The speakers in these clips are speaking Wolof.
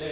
Yeah.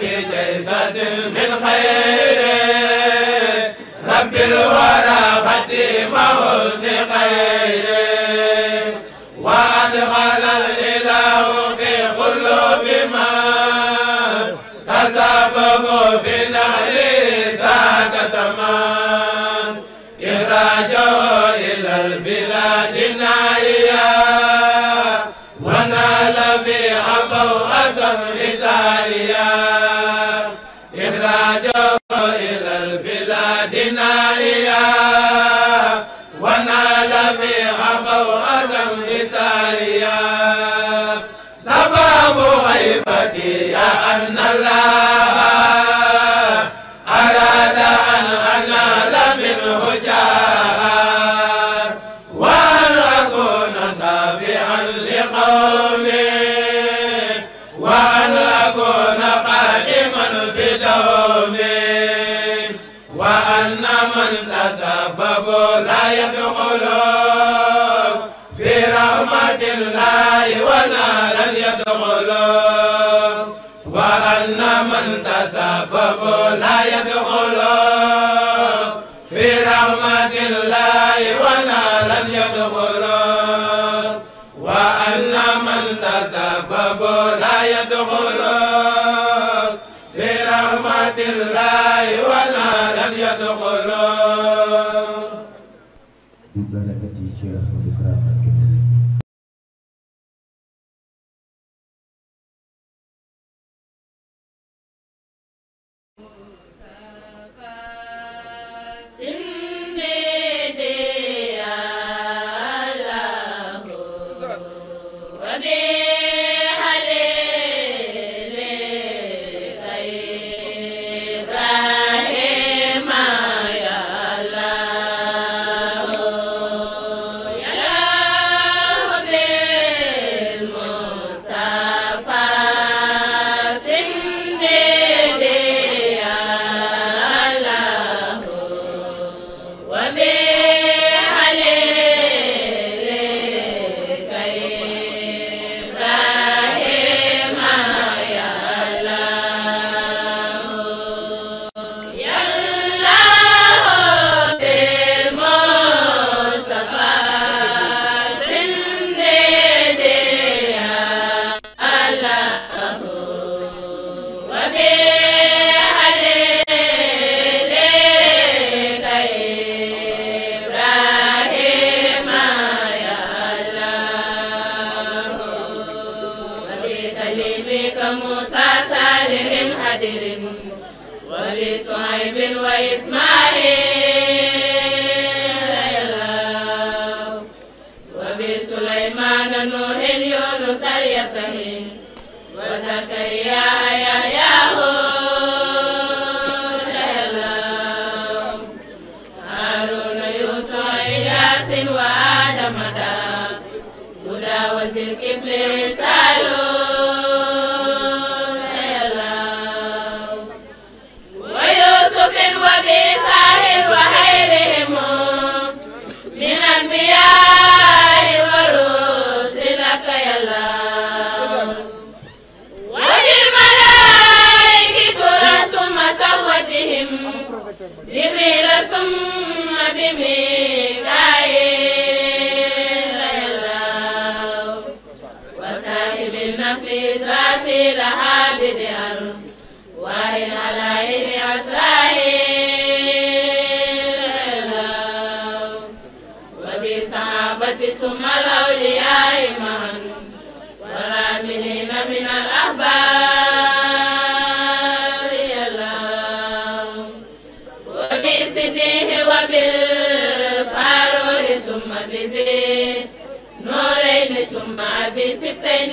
بجيساس من خير رب الورى في بخير وأدخل الإله في قلوب من تسبب في نهر ساك سمان إخراجه إلى البيت la من تسبب لا يدخل في رحمة الله ونارا يدخل وأن من تسبب لا يدخل في رحمة الله ونارا يدخل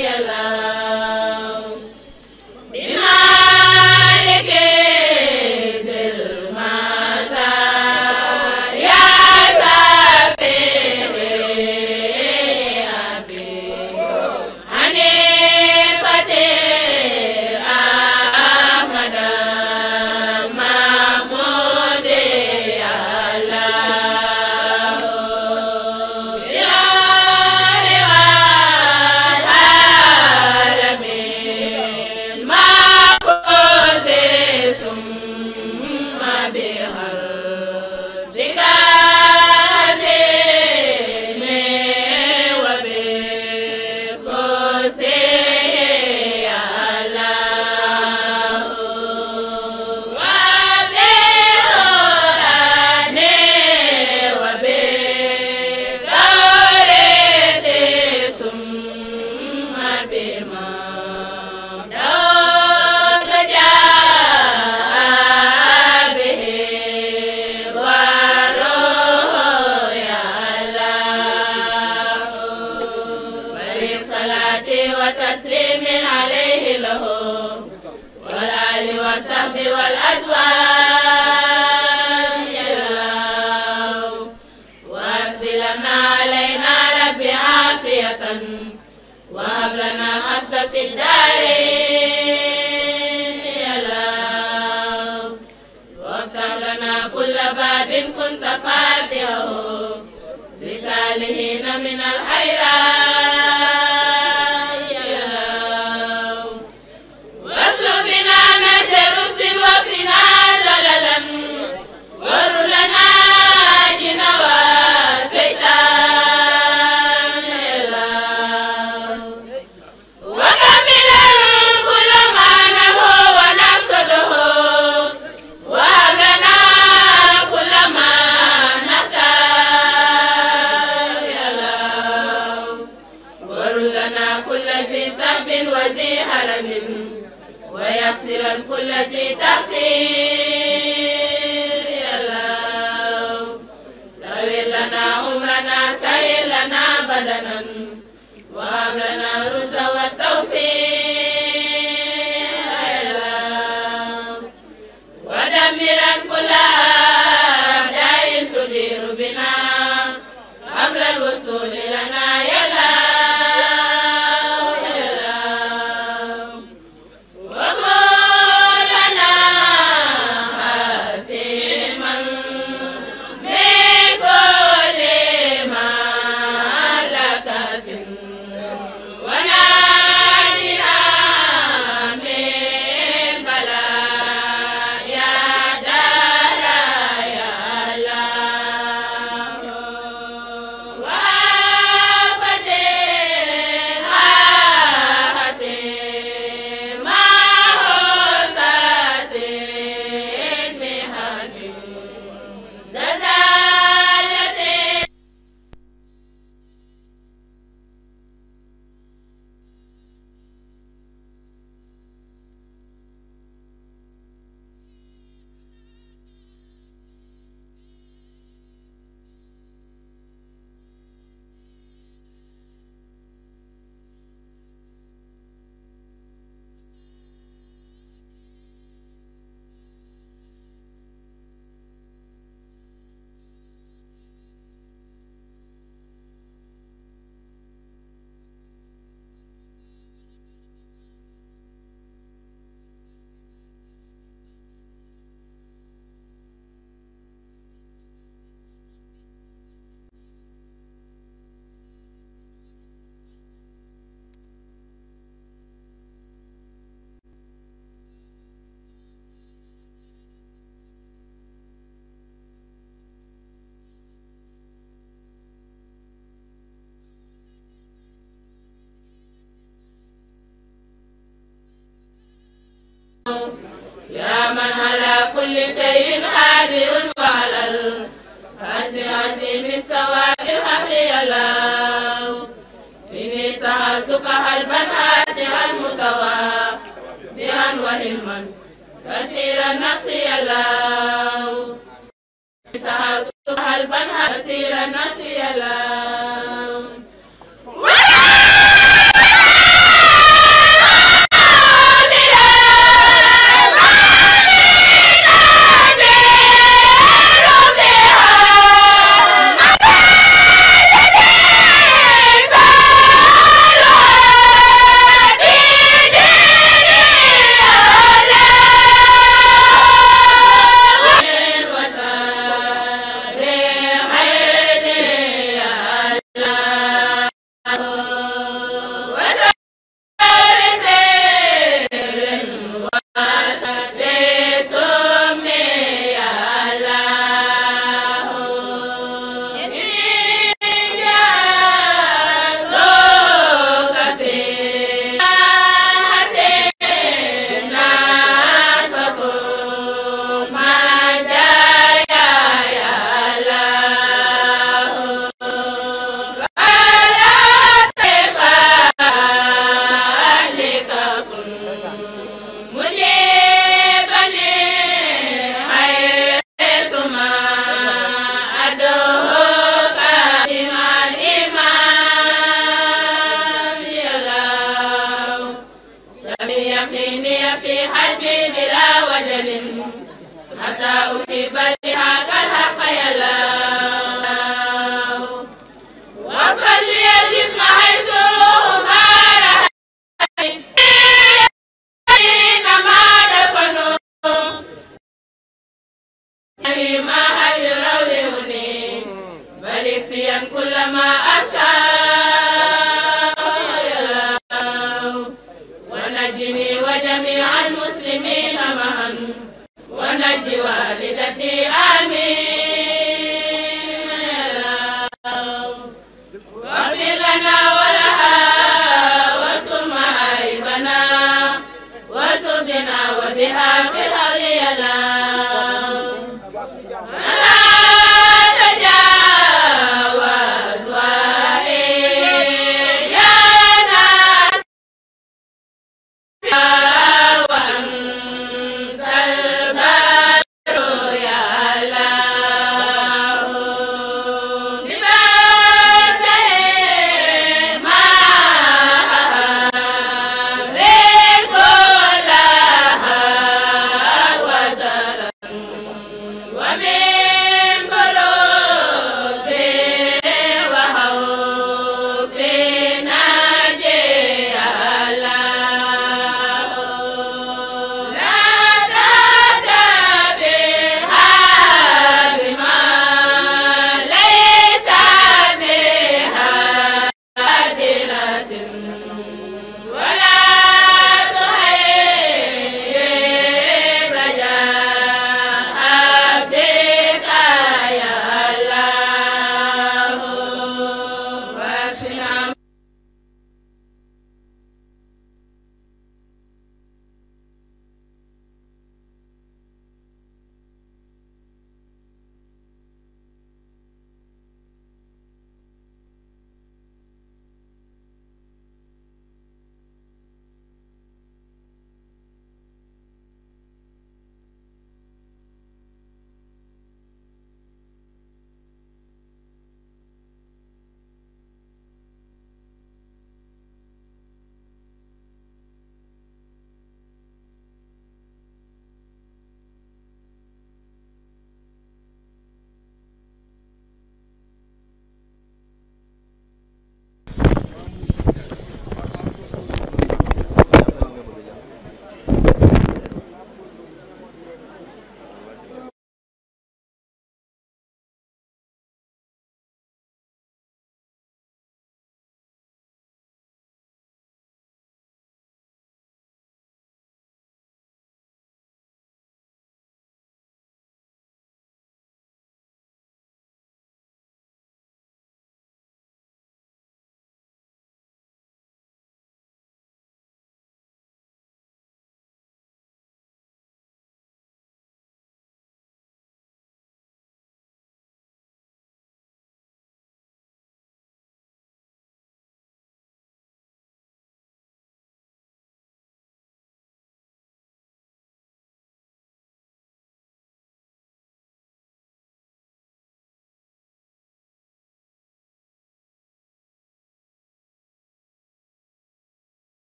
Realize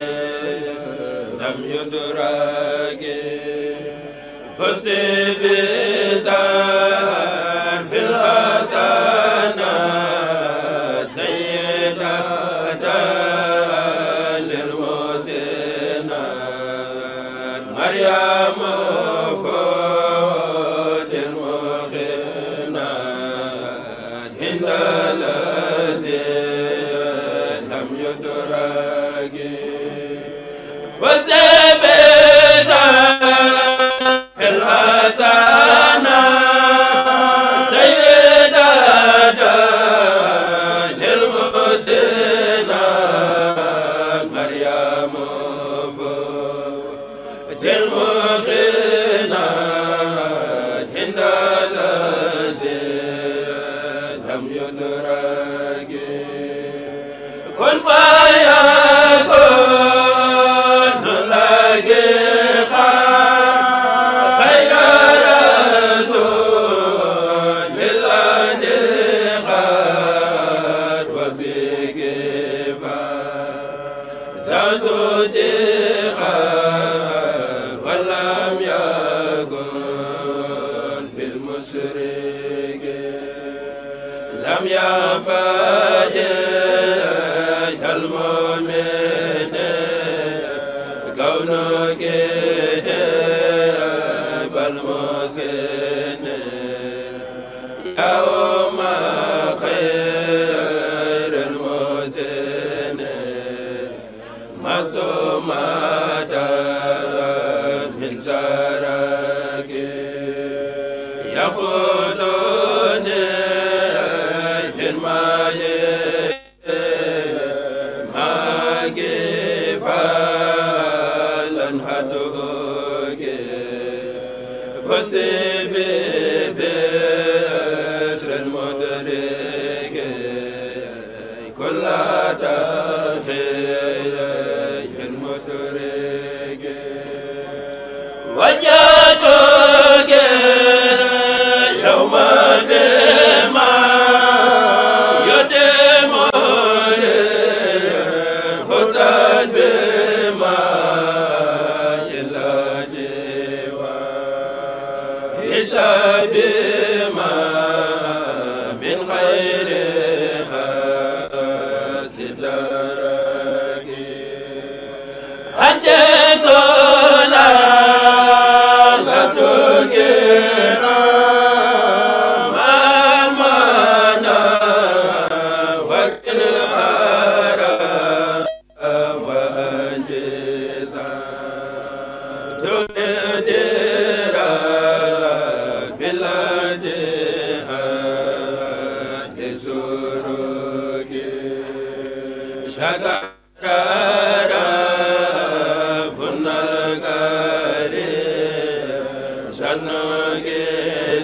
لم يدرك فسبح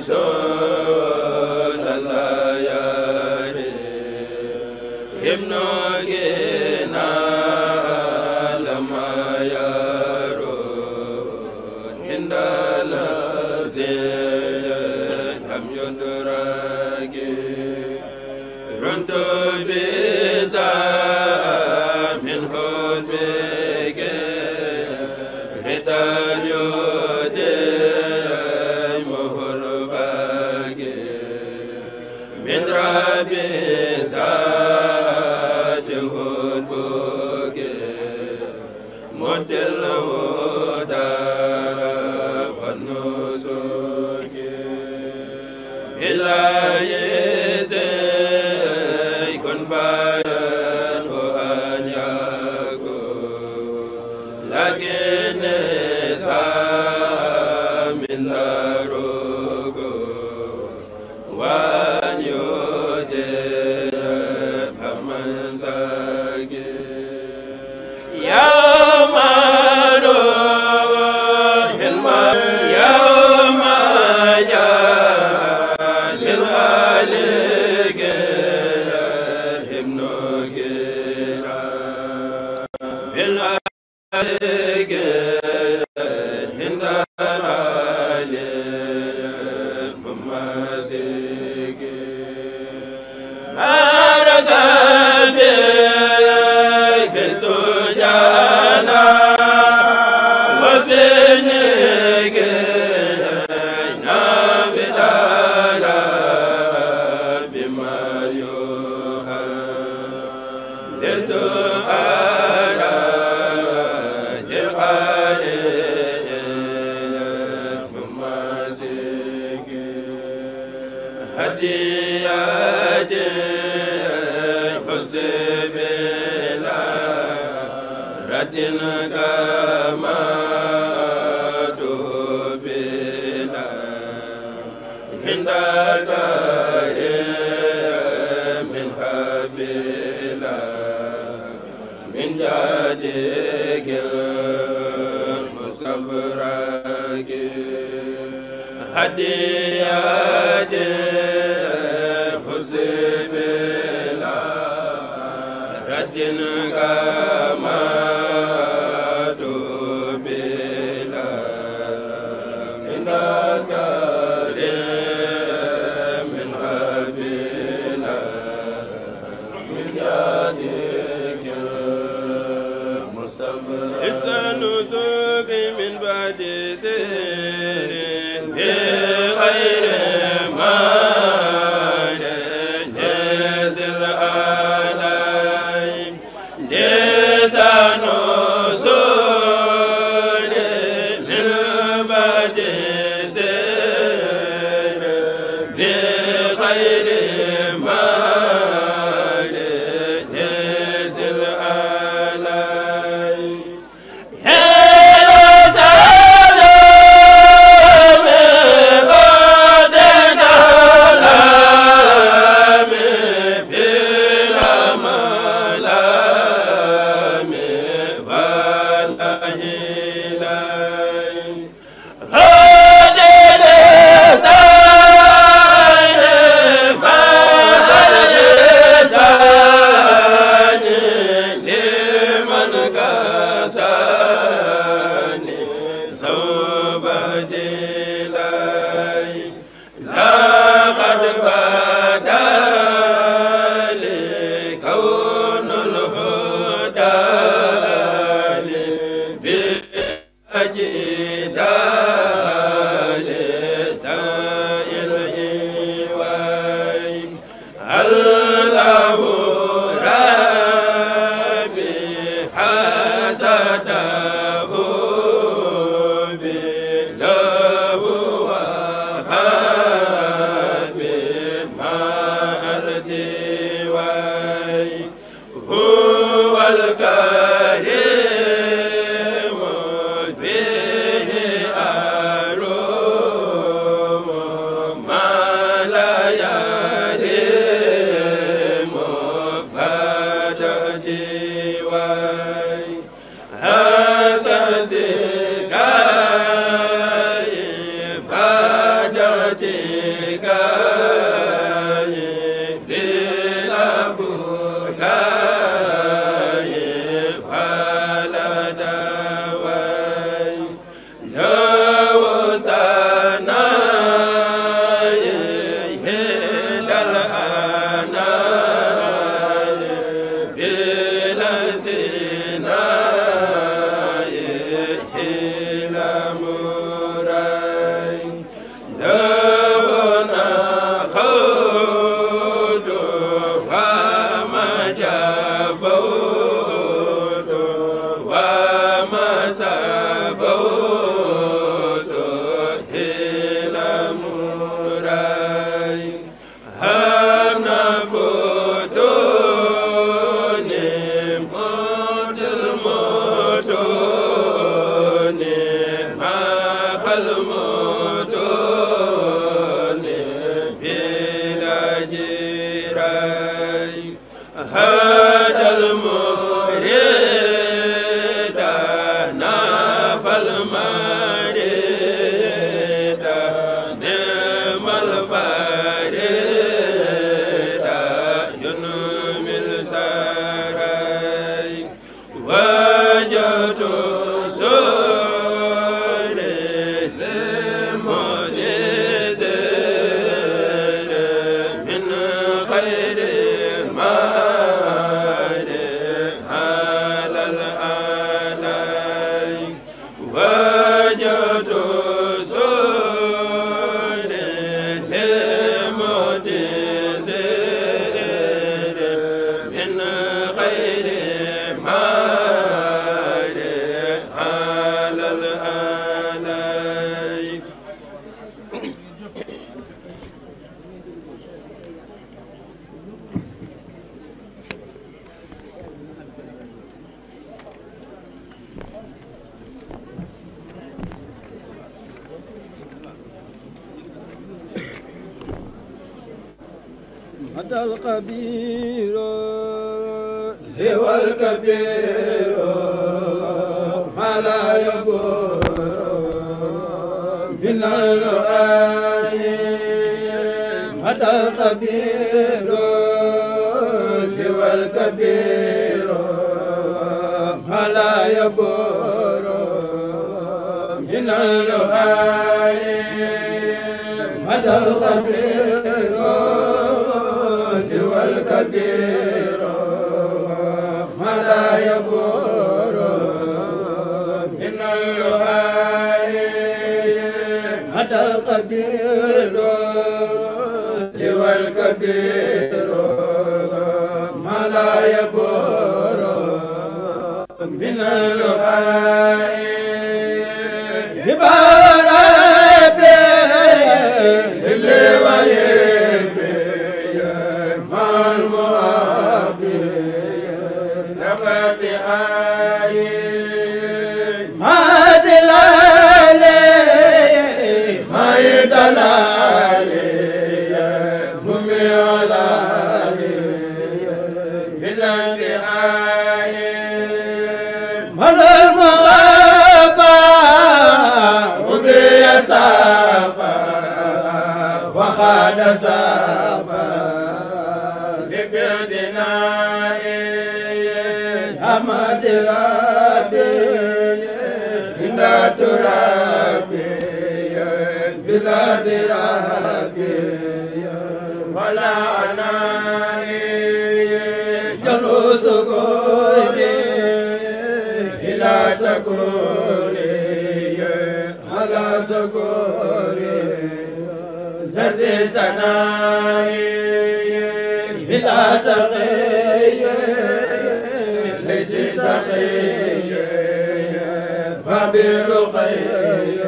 سول الليالي همنا هديك المستبرك هديتي حسبي لا رد قال سنائي بلا تغيير ليس سخير عبير خير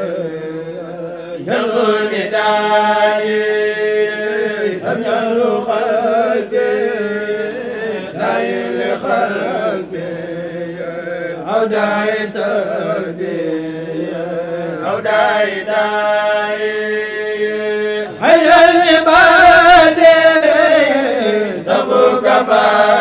يغل إداري أمل خلقي سايل خلقي أو داي سلبي أو داي داي هيا العبادي سبوك باري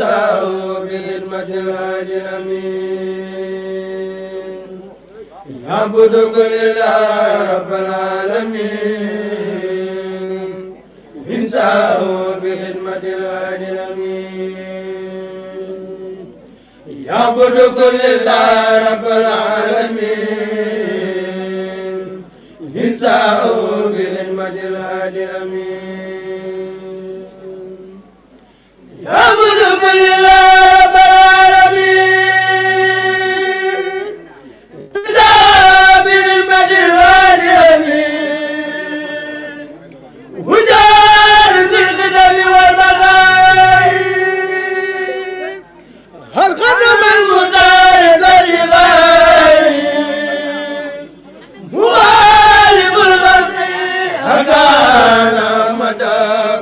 سعوا بخدمة الهادي الأمين نعبد كل إله رب العالمين إن سعوا بخدمة الهادي الأمين يعبد كل إله رب العالمين إن سعوا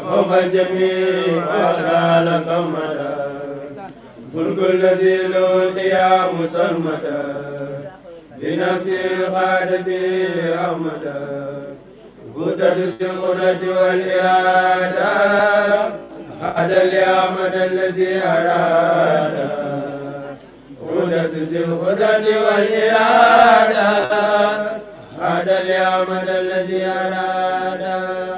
فوق الجميع وسال كمدا ملك الذي له القيام سلمدا لنفسي قاد بي لأمدا قدر السقرة والإرادة قاد لأمد الذي أراد قدرة القدرة والإرادة هذا لأمد الذي أراد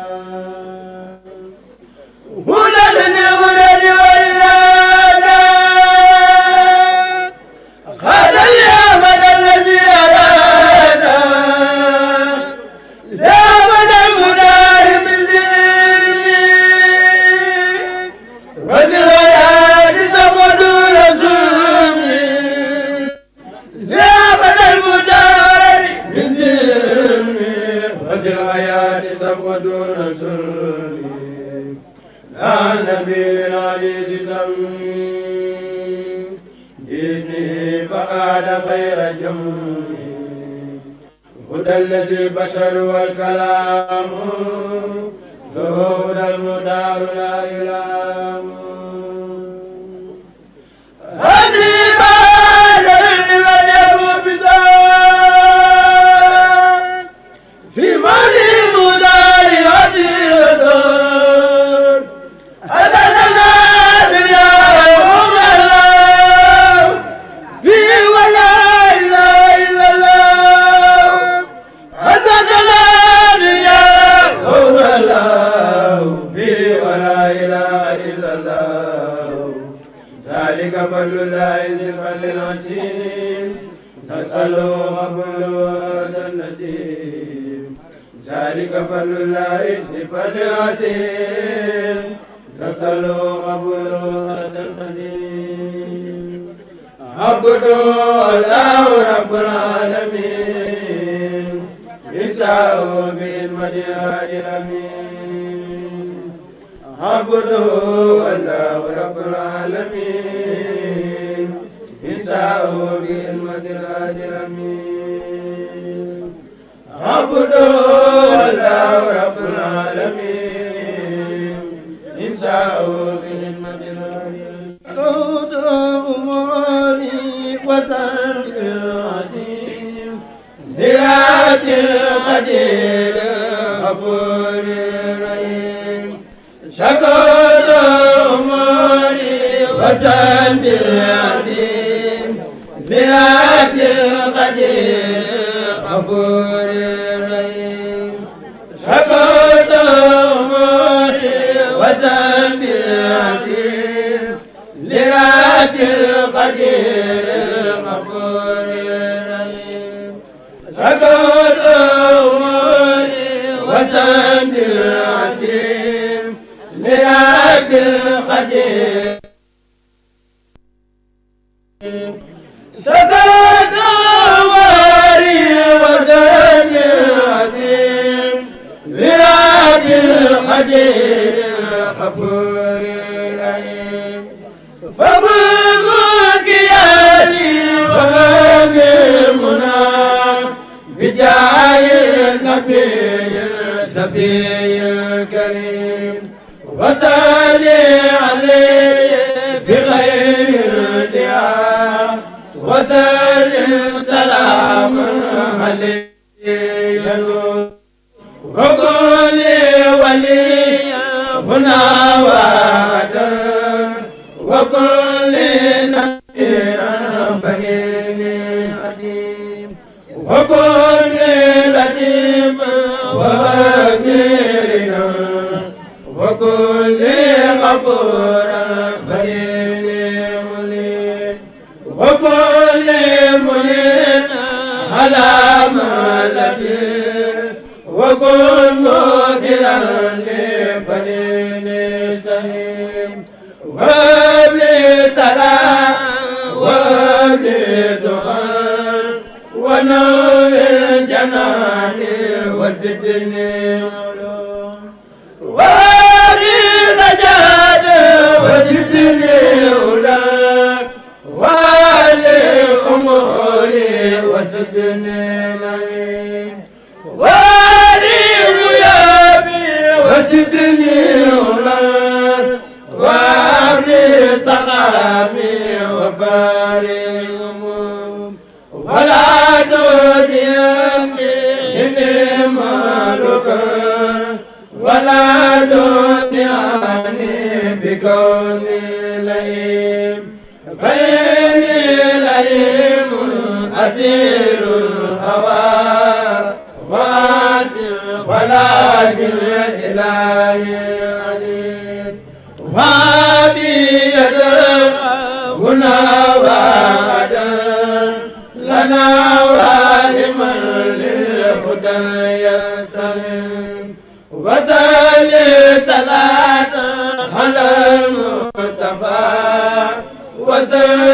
خير جمع هدى الذي البشر والكلام له هدى المدار لا إله هذه فضل الله ذي الفضل العظيم نسأله قبوله هذا النسيم ذلك فضل الله ذي الفضل العظيم نسأله قبوله هذا النسيم عبده الله رب العالمين إن شاءه بإن مدير هادي الأمين عبده والله رب العالمين إنساه بإلمة الآجرمين عبده والله رب العالمين إنساه بإلمة الآجرمين قود أموري وترك العظيم ذراة القدير غفور شكوت أموري وزن بالعزيم لعبد القدير غفور رحيم شكوت أموري وزن بالعزيم لعبد القدير عبد القدير Yeah, yeah, yeah. وكن لديم وأميرنا وكل غفور خليل مليم وكل مليم على ما لبيه وكل مدرا لفليل سهيم وابلي سلام وابلي دخان ونوي الجنان وزدني وزدني هدى ولأموري وزدني معي ولي غيابي وزدني هدى وأبني ولا تزيني إني كوني لئيم غيري لئيم أسير الهوى واسع ولكن إلهي عليم وابي يدر هنا وعدا لنا ولمن للهدى يستقيم وسلم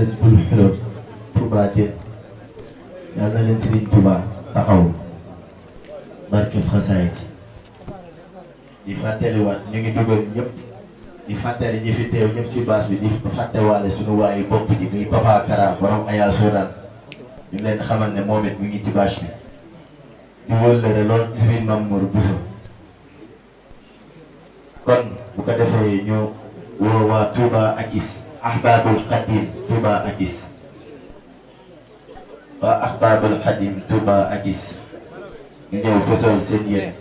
Jazbul Xulóot Touba Dén yal na leen Serigne Touba taxaw bi di fàttewaale kon bu ko defee ñu woo waa Touba ak is أحباب القديم تبا أجس وأحباب القديم تبا أجس من يوم كسر سنية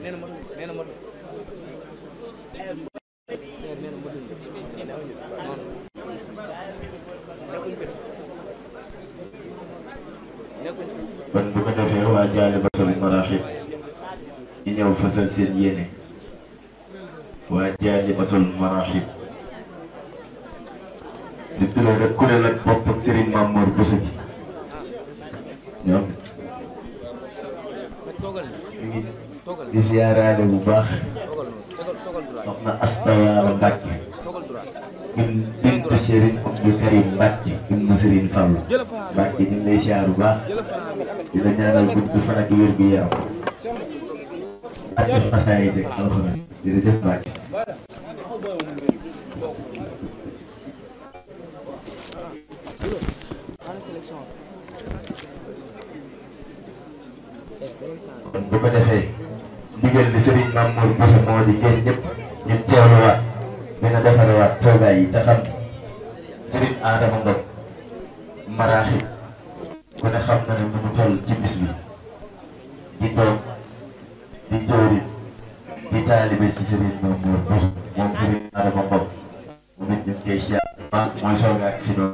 من بكنا في هو أجال بسر المراحب من يوم فسر سنية وأجال بسر المراحب di tuddee rek kuréel ak bopp ak Serigne Mame Mor Bousso di ziaraale bu baax soxna Asta Waalo Mbàkke ñun bintu Serigne Abdou Karim Mbàkke ñun ma Serigne Fallou Mbàkke ñu ngi bu baax di la ñaanal gudd fan ak wér gu yaram ak fasaay de alxuraan jërëjëf Mbàkke kon bu ko defee ndigal bi Serigne Mame Mor Bousso moo di ngeen ñëpp ñu teewluwaat gën a defarewaat toogaay yi te xam Serigne Adama Ngom maraaxi ku ne xam na ne nu mu ci bis di doom di jëwriñ di taalibe ci Serigne Mame Mor Bousso moom Serigne Adama Ngom mu nit ñu koy siyaar mooy soogaat si doom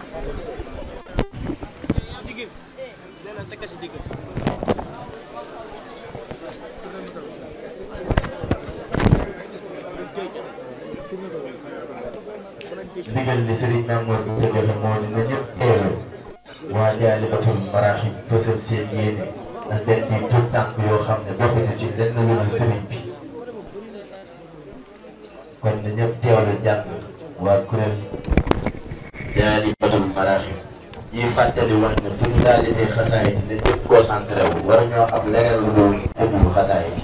kon na ñëpp teewlu jàng waa kuréel Diyaalibatul Maraaxib ñuy fàttali wax ne pluralité xasaayid ne ñëpp concentré wu war ñoo am leneen lu dul tëbul xasaayid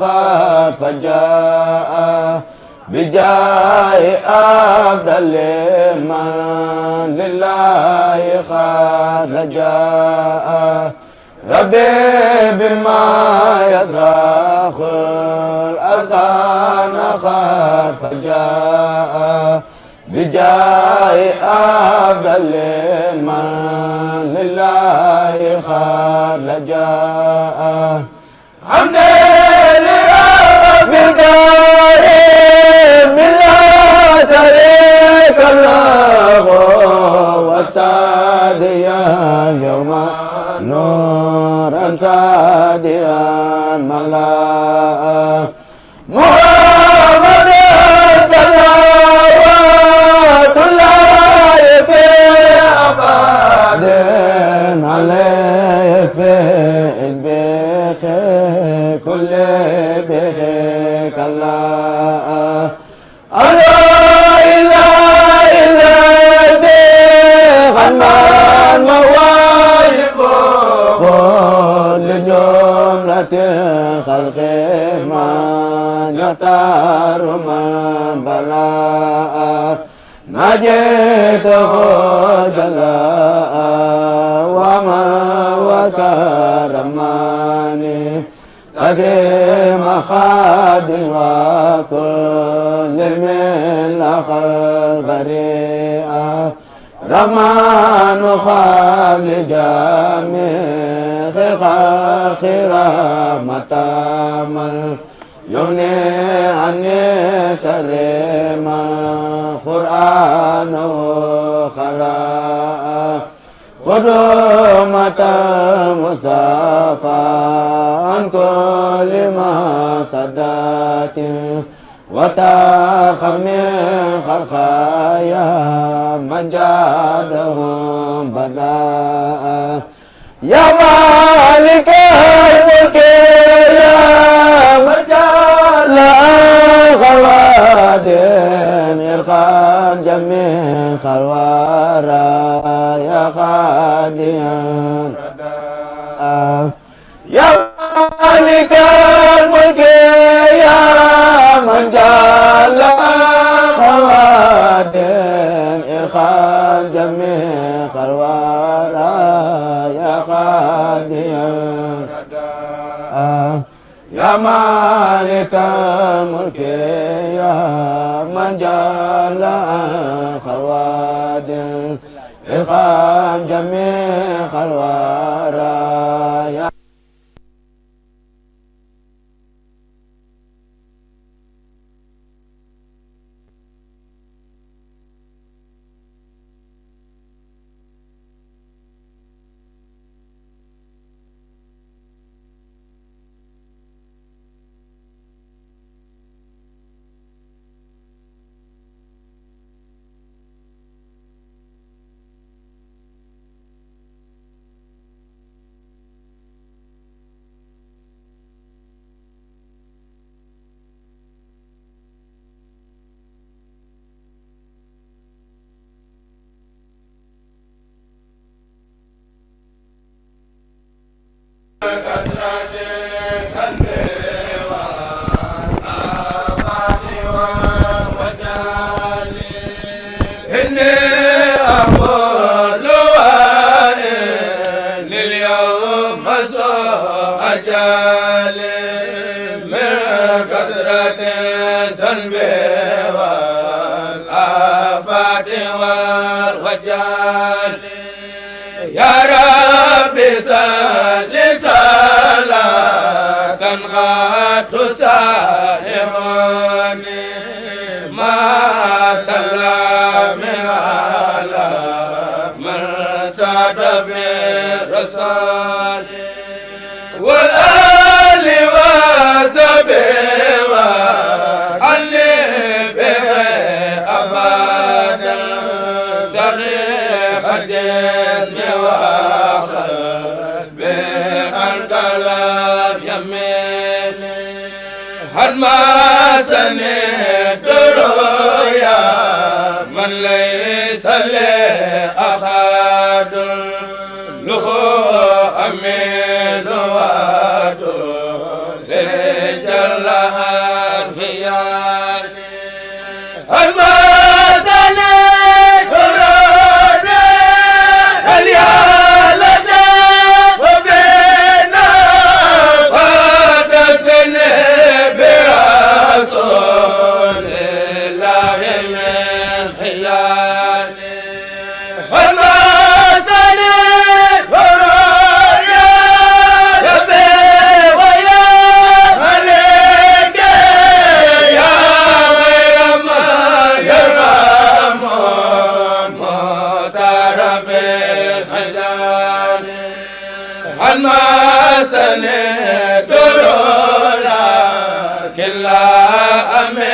خاف فجاء بجاه عبد من لله خرجاء ربي بما يصرخ الأذان خاف فجاء بجاه عبد من لله خرجاء عمدي بدائم لا شريك له وساديا يوم نور ساديا ملا محمد صلوات الله في أبد عليه في كل بخير إليك الله الله إلا إلا غنمان مواهب كل جملة خلق من يختار من بلاء نجيته جلاء وما وكرماني हरे मफ़ा रमानु को फे रेफ़ा खे मत ये आने सरे मुरानो खरा ودومة المصطفى عن كل ما صدات وتاخر من خلقايا من جادهم بداء يا مالك الملك يا من لأن خواد إرخان جميع خوارا يا خاديا يا مالك الملك يا من جعل خواد إرخان جميع خوارا يا خاديا يا مالك الملك يا من جل خواد إرقام جميع خلوات sane doro ya man lay sale La amen.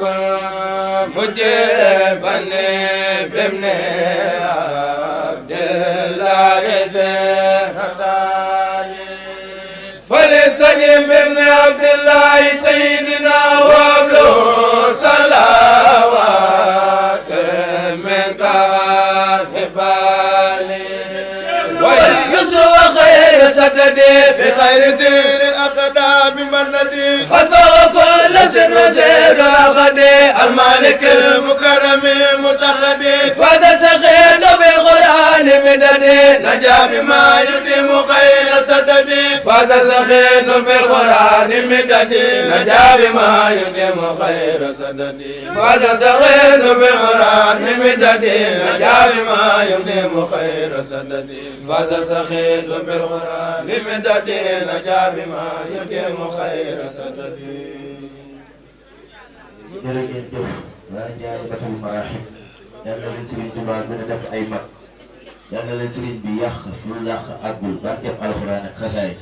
فليستقم بن عبد الله سيدنا وابلو صلوات من قال ويسر وخير سددي في خير سير الاقدام من ندي خلف كل سر سير الغدي المالك المكرم متخدي لمددي نجا بما يديم خير سددي فاز سخين بالقرآن مددي نجا بما يديم خير سددي فاز سخين بالقرآن مددي نجا بما يديم خير سددي فاز سخين بالقرآن مددي نجا بما يديم خير سددي jërëjëf jëf waa jaay batul maraaxib yàlla nañ ci biir jumaa gën a def ay mag yal na leen sëriñ bi yàq fu mu yàq àggul barkeb alxuraan ak xasaayid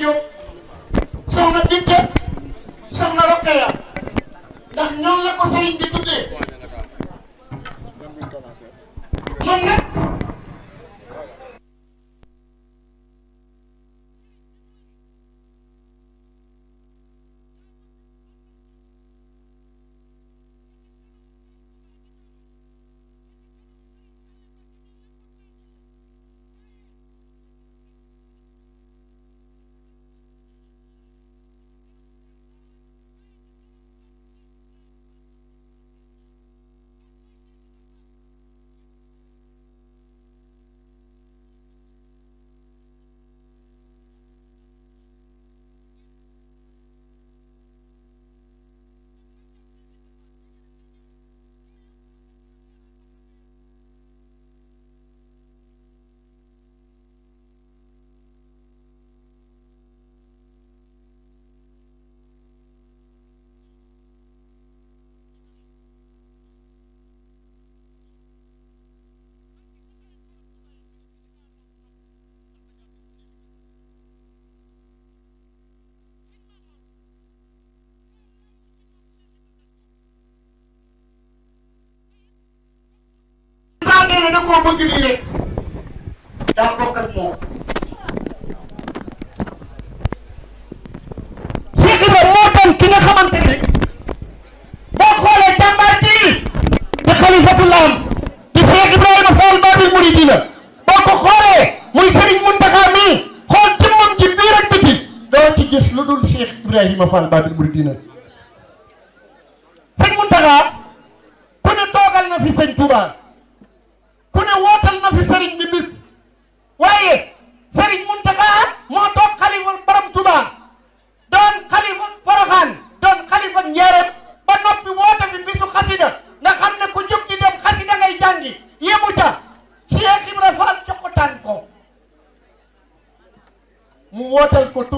Diop soxna Binta bëgg lii rek daa bokk ak moom. Cheikh Ibrahima moo doon ki nga xamante ne boo xoolee jàmbaar ji di xalifatul am di Cheikh Ibrahima Fall Babil Mouridina boo ko xoolee muy Serigne Mountakha mii xool ci moom ak biti doo ci gis lu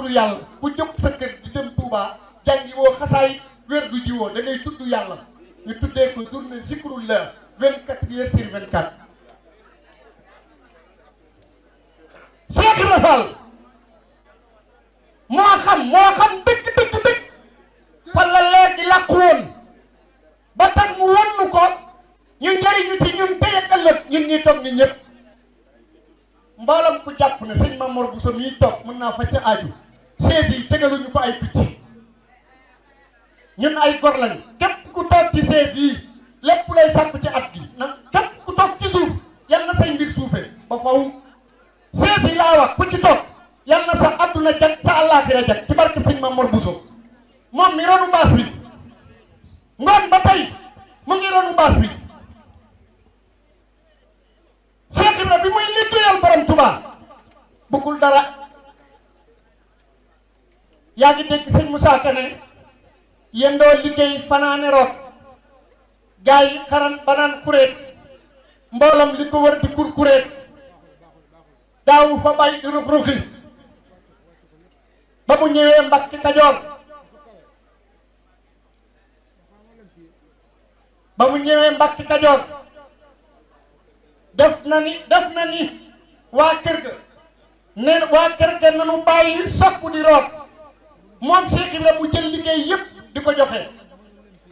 tudd yàlla ku jëm sa kër di dem Touba jàngi woo xasaay wér gu ji woo da ngay tudd yàlla ñu tuddee ko journée zikrullah 24 heures sur 24. Cheikh Ibra Fall moo xam moo xam dëgg dëgg dëgg fa la leer di làqu woon ba tax mu wonnu ko ñu njëriñu ci ñun tey ak ëllëg ñun ñuy toog ñun ñëpp mboolam ku jàpp ne sëñ Mamour Bousso mii toog mën naa fa ca aaju. chaise yi tegaluñu ko ay picc ñun ay gor lañu képp ku toog ci chaise lépp lay sàpp ci at gi nag képp ku toog ci suuf yal na say mbir suufee ba faw chaise laa wax ku ci toog yal na sa adduna jag sa àllaaxira jag ci barke sëñ Mame Mor Bousso moom mi ronu mbaas bi ngoon ba tey mu ngi ronu mbaas bi Cheikh Ibra bi muy liggéeyal borom Tuubaa bëggul dara yaa ngi dégg sëñ Moussa Ka ne yendoo liggéey fanaane root gaa xaran banaan kuréet mboolam li ko wër di kur kuréet daawu fa bay di rux ba mu ñëwee Mbàkke Kajoor ba mu ñëwee Mbàkke Kajoor def na ni def na ni waa kër ga ne waa kër ga nanu bàyyi sopp di root moom Cheikh Ibra bu jël liggéey yëpp di ko joxe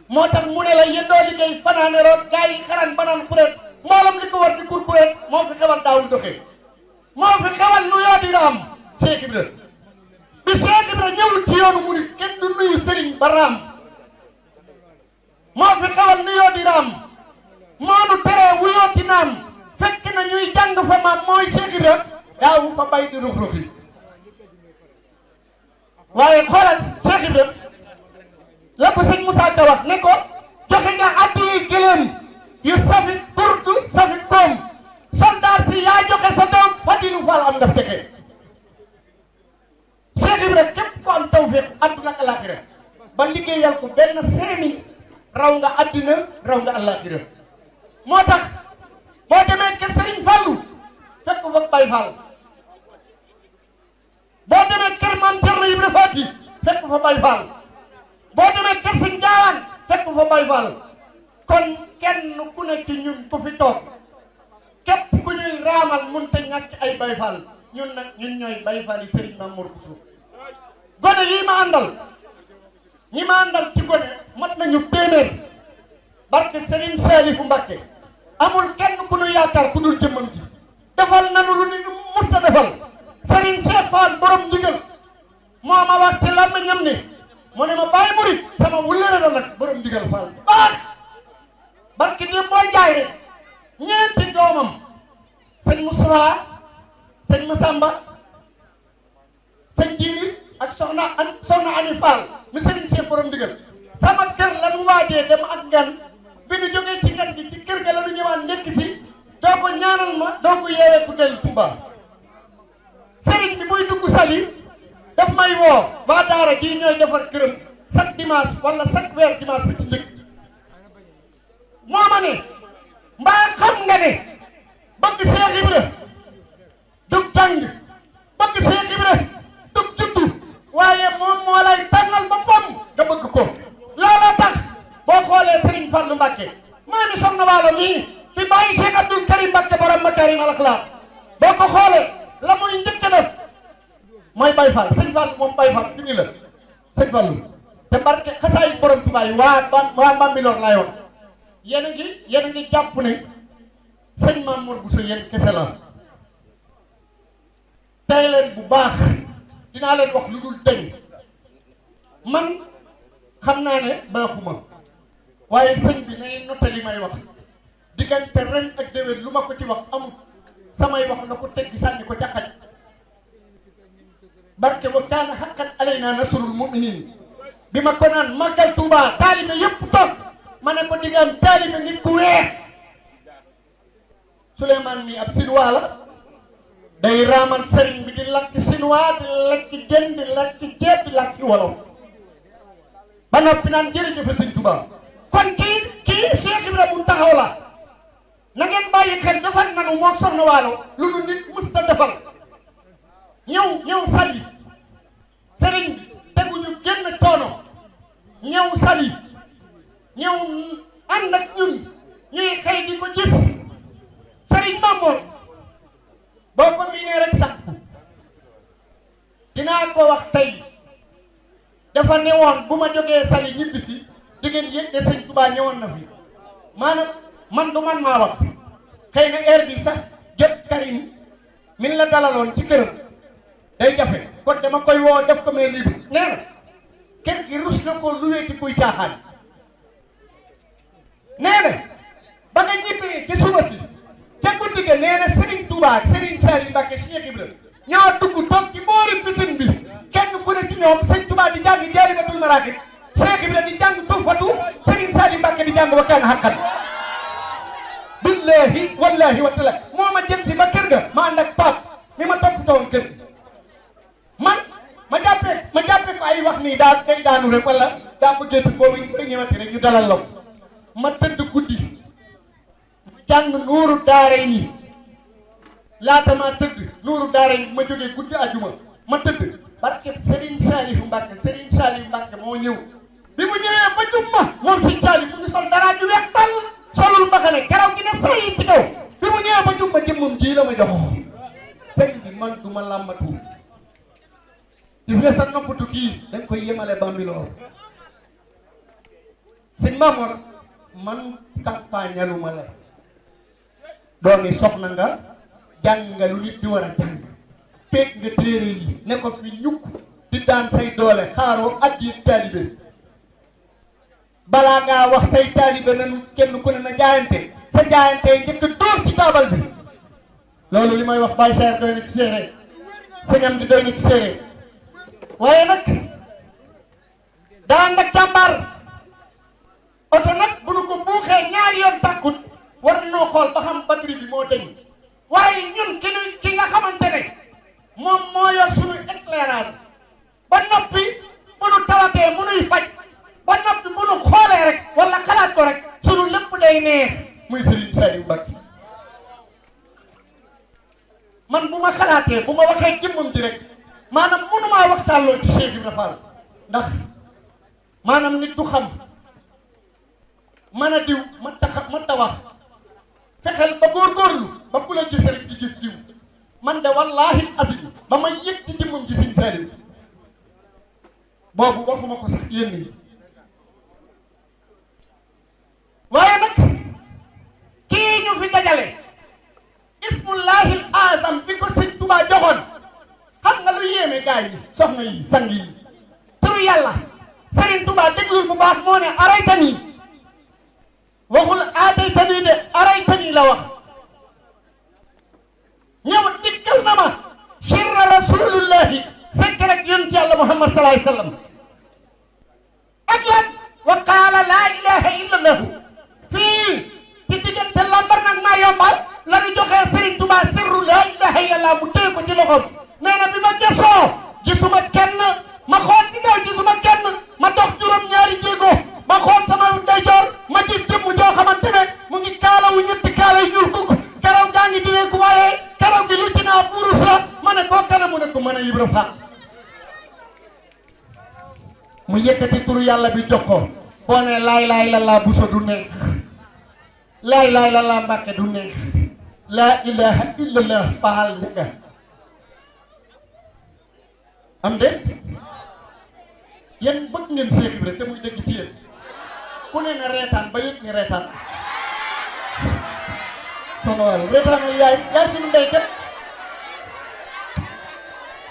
moo tax mu ne la yéen doo liggéey fanaane root gars yi xaran banaan kuréet mboolam li ko war di kur kuréet moo fi xewal daawul doxee moo fi xewal nu yaa di nga am Cheikh Ibra bi Cheikh Ibra ñëwul ci yoonu murit kenn nuyu Serigne ba raam moo fi xewal nu yoo di raam moo nu teree wuyooti naam fekk na ñuy jàng fa maam mooy Cheikh Ibra fa bay di ruf rufi waaye xoolal Cheikh Ibrahima la ko sëñ Moussa ne ko joxe nga addiya gëléem yu safit burdu safit koom soldaar si yaa joxe sa doom Fadilou Fall am nga fekkee Cheikh Ibrahima képp ko am tawfeex àdduna ak àllaaxira ba liggéeyal ko benn seeni raw nga àddina raw nga àllaaxira moo tax boo demee kër Serigne Fallou fekk ko Baye Fall. boo demee kër maam Thierno Ibrahima Fati fekk fa Baye boo demee kër Sëñ fekk fa Baye kon kenn ku ne ñun ku fi toog képp ku ñuy raamal mun te ñàkk ay Baye Fall ñun nag ñun ñooy Baye Fall yi Serigne Maam Mor Bousso gone yi ma àndal ñi ma àndal ci gone mat nañu téeméer barke Serigne Saliou Mbacké amul kenn ku ñu yaakaar ku dul jëmmam ji defal nanu lu ñu musta defal Serigne Cheikh Fall borom ndigal moo ma wax ci lan la ñam ne mu ne ma bàyyi murit sama wulleere la nag borom ndigal Fall baax barki di boo jaay rek ñeenti doomam sëñ Moussa sëñ Massamba sëñ Jiiri ak soxna ak soxna Ani Fall mi Serigne Cheikh borom ndigal sama kër lañu waajee dem ak gan bi ñu jógee ci gan bi ci kër ga lañu ñëwaat ndekki si doo ko ñaanal ma doo ko yeewee ku dellu Touba sëriñ bi muy dugg sali daf may woo waa daara ji ñooy defar këram chaque dimanche wala chaque weer dimanche bi ci njëkk moo ma ne mbaa xam nga ne bëgg Cheikh Ibra dug tàng bëgg Cheikh Ibra dug juddu waaye moom moo lay tànnal ba fam nga bëgg ko looloo tax boo xoolee Serigne Fallou Mbacké maa mi soxna Waalo mii di bàyyi Cheikh Abdoul Karim Mbacké borom Makaarimal Axlaaq boo ko xoolee la mooy njëkk a mooy Baye Fall sëñ Fall moom Baye Fall fi mu la sëñ Fall te barke xasaayu borom Tuubaa yi waa ban laay wax yéen a ngi yéen a ngi jàpp ne sëñ Mamour Bousso yéen kese la tey leen bu baax dinaa leen wax lu dul tey man xam naa ne baaxuma waaye sëñ bi nay nottali may wax diggante ren ak déwén lu ma ko ci wax amul. Sama wax na ko teggi sànni ko ca barke wa kaana xaqan alayna nasrul muminin bi ma ko naan màggal tuuba taalibe yépp toog ma ne ko digaam taalibe nit ku weex mi ab sinwaa la day raamal sëriñ bi laki lakk laki di lakk walau, di lakk ceeb di lakk wolof ba noppi naan jërëjëf sëñ tuuba kon kii na ngeen bàyyi xel defar nanu moom soxna lu dul nit mus ta ñëw ñëw sali sëriñ teguñu génn toono ñëw sali ñëw ànd ak ñun ñuy xëy di ko gis sëriñ Mamour boo ko miinee rek sax dinaa ko wax tey dafa ne woon bu ma jógee sali ñibbisi di ngeen yëg ne sëñ Tuubaa ñëwoon na fi maanaam man du man maa wax xëy na heure bi sax jot Karim min la dalaloon ci këram day jafe kon dama koy woo def ko mais libre nee na kër gi rus na koo luwee ci kuy caaxaan nee ba nga ñibbee ci suba si ca guddi ga nee na Serigne Touba Serigne Saliou Mbacké Cheikh ñoo dugg toog ci boori piscine bi kenn ku ne ci ñoom Serigne Touba di jàng Jaalibatul Maraaxib Cheikh Ibrahima di jàng Tuufatu Serigne Saliou Mbacké di jàng Wakana Haqqan billahi wallahi wa tala moo ma jëm ci ba kër ga ma ànd ak paap mi ma top doon kër man ma jappé ma jappé ko ay wax ni da day daanu rek wala da bu jëtt bi wi ñu ñëwati rek ñu dalal law ma tedd guddi ma jàng nuuru daara yi ta ma tedd nuru daara yi ma joggé guddi aljuma ma tedd barke Serigne Saliou Mbacke Serigne Saliou Mbacke mo ñëw bi mu ñëwé ba jumma mom moom Serigne Saliou mu ngi sol dara ju weex tàll solul mbaxane karaw gi ne sëy ci kaw bi mu ñëwee ba jumba jëmmam jii la muy dox sëñ bi man du ma làmmatu gis nga sa noppatu gii dañ koy iya yemale bambilor sëñ Mamor man campagne lu ma la doomi soxna nga jàng nga lu nit di war a jàng nga téere yi ne ko fi ñukk di daan say doole xaaroo at yi taalibe balaa ngaa wax say taalibe nañu kenn ku ne na jaayante sa jaayante njëkk a dóor taabal bi loolu li may wax Baye Sarr doy na ci séeréer sëñam di doy na ci séeréer daan nag jàmbaar oto nag bu nu ko ñaari yoon tàkkut war nañoo xool ba xam batterie bi moo dañ waaye ñun ki ñu ki nga xamante ne moom moo yor suñu éclairage ba noppi bu nu tawatee faj ba bu nu xoolee rek wala xalaat ko rek sunu lépp day muy Serigne Saliou Mbacké man bu ma xalaatee bu ma waxee jëmmam ci rek maanaam mënu maa waxtaan loolu ci Cheikh Ibrahima Fall ndax maanaam nit du xam a diw mën ta xam mën ta wax fexeel ba ba ku la gis rek di gis diw man de wallaahi asim ba ma yëg ci jëmmam ci Serigne Saliou boobu waxuma ko sax yéen ñi waaye nag kii ñu fi dajale ismullahi al azam bi ko sëñ Tuubaa joxoon xam nga lu yéeme gaay yi soxna yi sang yi turu yàlla sëriñ Tuubaa déglul bu baax moo ne araytani waxul aataytani de araytani la wax ñëw dikkal na ma sirra rasulullahi sekk rek yonent yàlla muhammad sallallahu alayhi wa sallam ak lan wa qaala laa ilaha illa allahu fii ci diggante lambar nag maa yombal la ñu joxee Serigne Touba sirru la ilaha illallah mu téye ko ci loxoom nee na bi ma gesoo gisuma kenn ma xool ci kaw gisuma kenn ma dox juróom ñaari jéego ma xool sama ndeyjoor ma gis jëmm joo xamante ne mu ngi kaalawu ñetti kaala yu ñuul kuk karaw gaa ngi dinañ ko karaw gi lu ci naa la ma ne koo kana mu ne ko mën a Ibra Fall mu yëkkati turu yàlla bi jox Pone lay lay la la buso du neex laay lay la laa mbàkke du neex laa ilaha illallah baal nga am de yéen bëgg ngeen Seex Ibra te muy dëgg ci yéen ku ne na rétan ba yëg ni rétan sono wal rétan yaay yaay ci ndey kat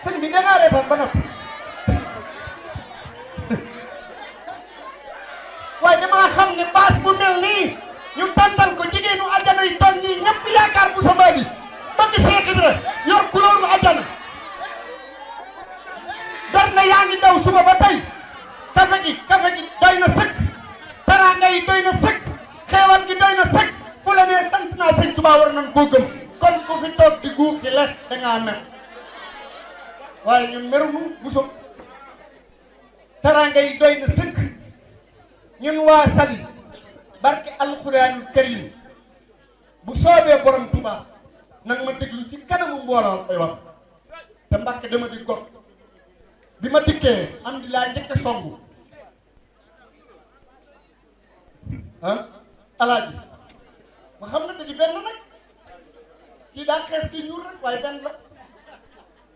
sëñ bi da ngaa ba nopp waaye damaa xam ne base bu mel nii ñu tantal ko jigéenu àjjana yi toog nii ñëpp yaakaar bu sa baabi bëgg Cheikh Ibra yor couleur àjjana jar na yaa ngi daw suba ba tey kafe gi kafe gi doy na sëkk teraanga yi doy na sëkk xeewal gi doy na sëkk bu la nee sant naa sëñ Tuubaa war nañ kon ku fi toog di guub di lekk da ngaa mer waaye ñun meruñu bu soog teraanga yi doy na sëkk ñun waa Saly barke alxuraanul karim bu soobee borom Touba nag ma déglu ci kanamu mbooloo ay wax te Mbàkke dama di gox bi ma dikkee am di laa njëkk a songu ah alaaji ma xam nga dëgg benn nag kii daa xees ñuul rek waaye benn la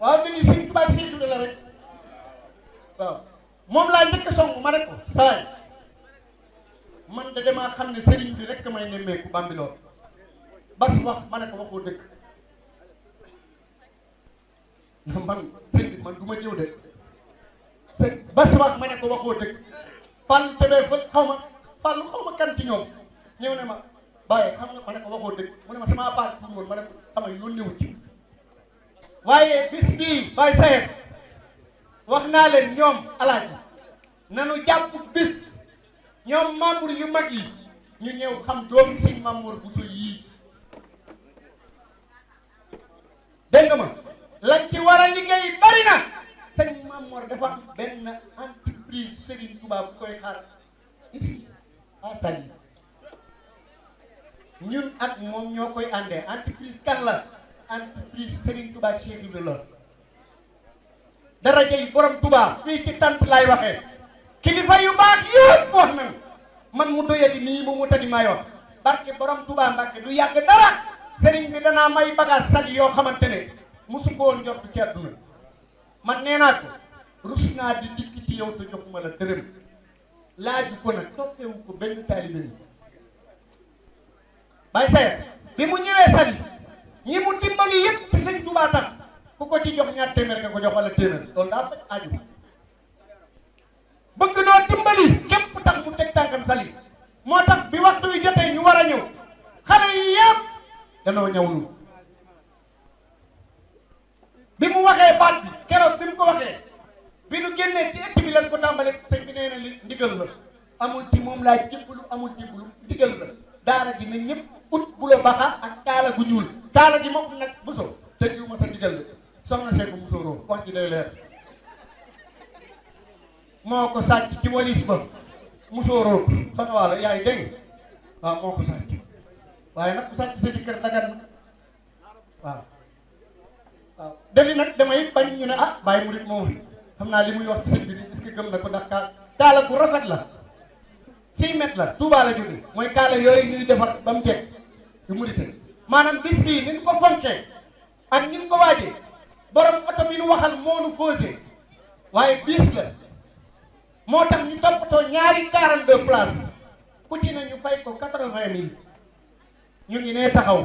waaw dañuy Sëriñ Tuubaa siitu la rek moom laa njëkk a songu ma ne ko saa man de damaa xam ne sëriñ bi rek may nemmeeku Bambilor bas wax ma ne ko waxoo dëgg man sëriñ bi man du ma ñëw de bas wax ma ne ko waxoo dëgg Fall tebee fa xaw ma Fall kan ci ñoom ñëw ne ma bàyyi xam nga ma ne ko waxoo dëgg mu ne ma sama baat pour woon ma ne ko sama yoon ñëw ci waaye bis bii Baye Sayer wax naa leen ñoom alaaji nanu jàpp bis ñoom membre yu magi yi ñu ñëw xam doom sëñ Mamour Bousso yii dégg nga ma lañ ci war a liggéey bari na sëñ Mamour dafa am benn entreprise Serigne Touba bu koy xaar ici à Saly ñun ak moom ñoo koy àndee entreprise kan la entreprise Touba Cheikh dara jëy borom Touba fii ci tànt kilifa yu baax yëpp wax na man mu doyati nii ba mu tëddi maa yor barke borom Touba Mbacke du yàgg dara sëriñ bi danaa may bagage sag yoo xamante ne mu ko woon jot ci àdduna man nee naa ko naa di dikk ci yow sa jox ma la dërëm laaju ko nag toppewu ko benn taalibe ni bay saye bi mu ñëwee sag ñi mu dimbali yëpp ci sëñ Touba tax ku ko ci jox ñaar téeméer ko jox wala téeméer loolu daa faj aju bëgg naa dimbali képp tax mu teg tànkam sali moo tax bi waxtu wi jotee ñu war a ñëw xale yi yëpp danoo ñëwlu bi mu waxee baat bi keroog bi mu ko waxee bi nu génnee ci ëtt bi lañ ko tàmbale sëñ bi na li ndigal la amul ci moom laay jébbalu amul jébbalu ndigal la daara ji na ut bu baxa ak kaala gu ñuul kaala gi moom nag bësoo te jiw sa ndigal la soxna Seck bu mu wax ji day leer moo ko sàcc ci walis ba mu sóoroo soxna waalo yaay dégg waaw moo ko sàcc waaye nag ku sàcc sa jëkkër dagan waaw waaw defi nag damay bañ ñu ne ah bàyyi mu rit moom xam naa li muy wax ci sëñ bi gëm na ko ndax kaa kaala bu rafet la six la Touba la jóge mooy kaala yooyu ñuy defar ba mu jeg mu rite maanaam bis bii ni ñu ko fonkee ak ni ñu ko waajee borom oto bi ñu waxal moo nu posé waaye bis la moo tax ñu toppatoo ñaari 42 places ku ci ne fay ko 80 mille ñu ngi nee taxaw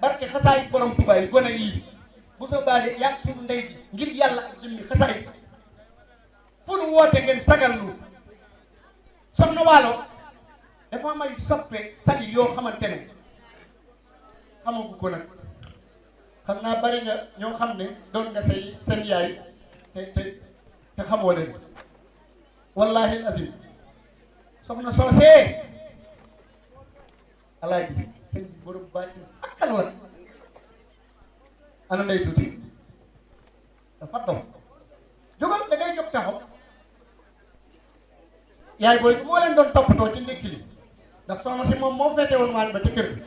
barke xasaay borom tubaay gone yii bu sa baale yàgg suñu ndey ngir yàlla ak jëmmi xasaay fu nu woote ngeen sagal lu soxna waalo dafa may soppe sali yoo xamante ne xamagu ko nag xam naa bari nga ñoo xam ne doon nga say seen yaay te te te xamoo leen wallahi lazim soxna soosee alaaji sëñ borom bàcc akal la ana ndey tuuti dafa dox jógal da ngay jóg yaay booy moo leen doon toppatoo ci ndékki li ndax soxna si moom moo fete woon waañ ba ci kër bi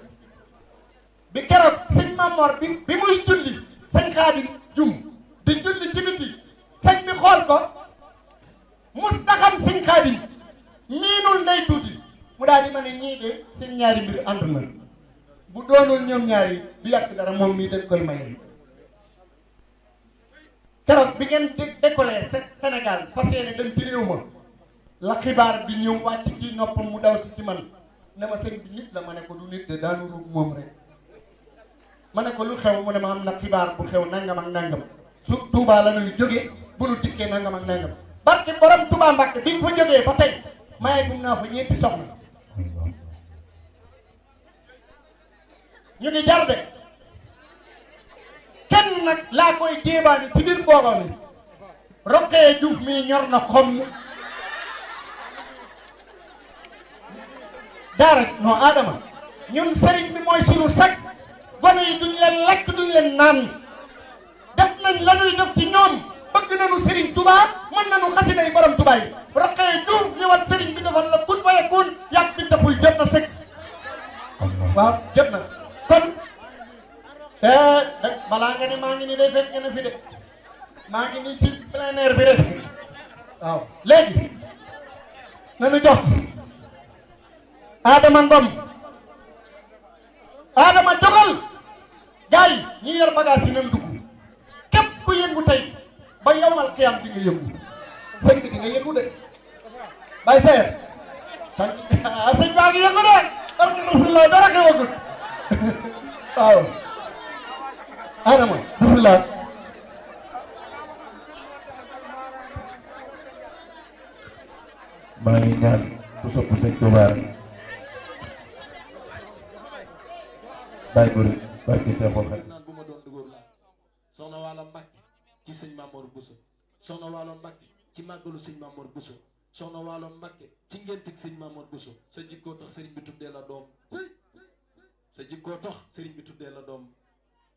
bi keroog sëñ Mamor bi muy julli sëñ Xaadim jum di julli ci biti sëñ bi xool ko mustaxam sëñ xaadim miinul nay tuuti mu daal di ma ne ñii de seen ñaari mbir ànd na bu doonul ñoom ñaari du yàq dara moom mii dañ koy maye keroog bi ngeen décoller Sénégal fas yéene dem ci réew ma la xibaar bi ñëw wàcc ci noppam mu daw si ci man ne ma sëñ bi nit la ma ne ko du nit de daanu ruug moom rek ma ne ko lu xew mu ne ma am na xibaar bu xew nangam ak nangam su Tuubaa la jóge bu nu dikkee nangam ak nangam barke borom Touba Mbacké bi nga fa jógee fa tey maye gum naa fa ñeenti soxna ñu ngi jar de kenn nag laa koy jéebaani ci biir mbooloo mi rokkee Diouf mii ñor na xomm daara non Adama ñun sëriñ bi mooy sunu sag gone yi duñ leen lekk duñ leen naan def nañ la ñuy def ci ñoom bëgg nañu Serigne Touba fi de maa ci plein air bi rek waaw léegi jox Adama Ngom Adama jogal gars yi ñi yor bagage yi nañ dugg képp ku yëngu tey ba yowmal xiyam di nga yëngu sëñ bi di nga yëngu de bay seer ah, sëñ baa ngi yëngu de am na bisimilah dara ke wagul waaw maa ngi ñaan ku sopp sëñ Tuubaa ci seigne mamour bousso sono walo mbacke ci magalu seigne mamour bousso soxna walo mbacke ci ngentik seigne mamour bousso sa jikko tax seigne bi tuddé la dom sa jikko tax seigne bi tuddé la dom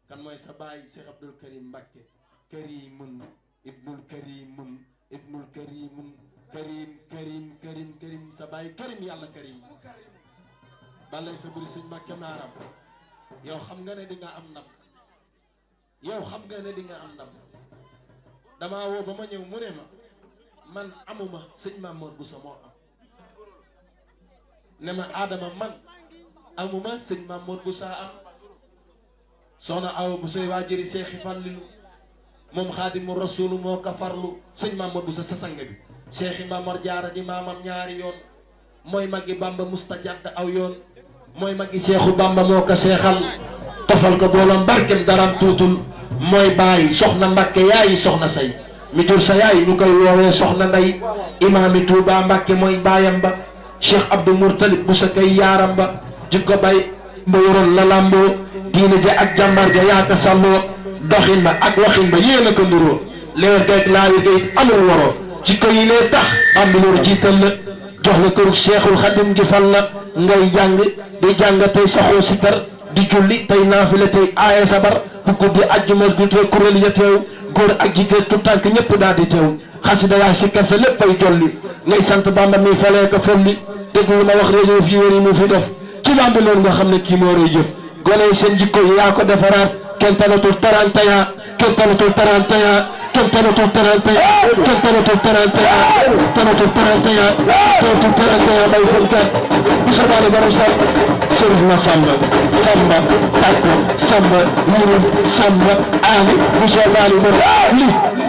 kan moy sa baye cheikh abdul karim mbacke karimun ibnul karimun ibnul karimun karim karim karim karim sa baye karim yalla karim balay sa buri seigne mbacke maram yow xam nga ne di nga am nam yow xam nga ne di nga am nam dama wo bama ñew ñëw ma man amuma sëñ Mamour Bousso mo am nema Adama man amuma sëñ Mamour Bousso am awu bu sey wajiri Seexi Fallilu mom xaadimu rasulu mo ko farlu sëñ Mamour Bousso sa sang bi Seexi Mamour Jaara di mamam ñaari yoon moy magi Bamba mustajad aw yoon moy magi Seexu Bamba mo ka seexal tafal ko bolam barkem daram tutul mooy bàyyi soxna Mbacke yaayi soxna say mi jur sa yaay ñu koy woowee soxna nday imaami Touba Mbacke mooy baayam ba Cheikh Abdou Mourtalib bu sa kay yaaram ba jikko bay mba yoroon la làmboo diine ja ak jàmbar ja yaaka sàlloo doxin ba ak waxin ba yéen a ko nduroo leer geeg laa yi amul waroo jikko yi tax bambiloor jiital la jox la këru Cheikhul Xadim gi fal la ngay jàng di jàng tey saxoo si kër di julli tey naafile tey aaye sabar bu guddi ajjuma du tey kuréel ya teew góor ak jigéen tout tànk ñëpp daal di teew xasida yaa si kese lépp ay jolli ngay sant Bamba mi falee ko folli déglu ma wax rajo fii wér yi mu fi def ci Bamba nga xam ne kii moo rëy jëf gone seen jikko yaa ko defaraat कीर्तन तुटतर अंतया कीर्तन तुटतर अंतया कीर्तन तुटतर अंतया कीर्तन तुटतर अंतया कीर्तन तुटतर अंतया कीर्तन तुटतर अंतया भाई सुनकर मुसलमान बड़ों सब सिर्फ मसम्ब सम्ब तक सम्ब यून सम्ब आली मुसलमान बड़ों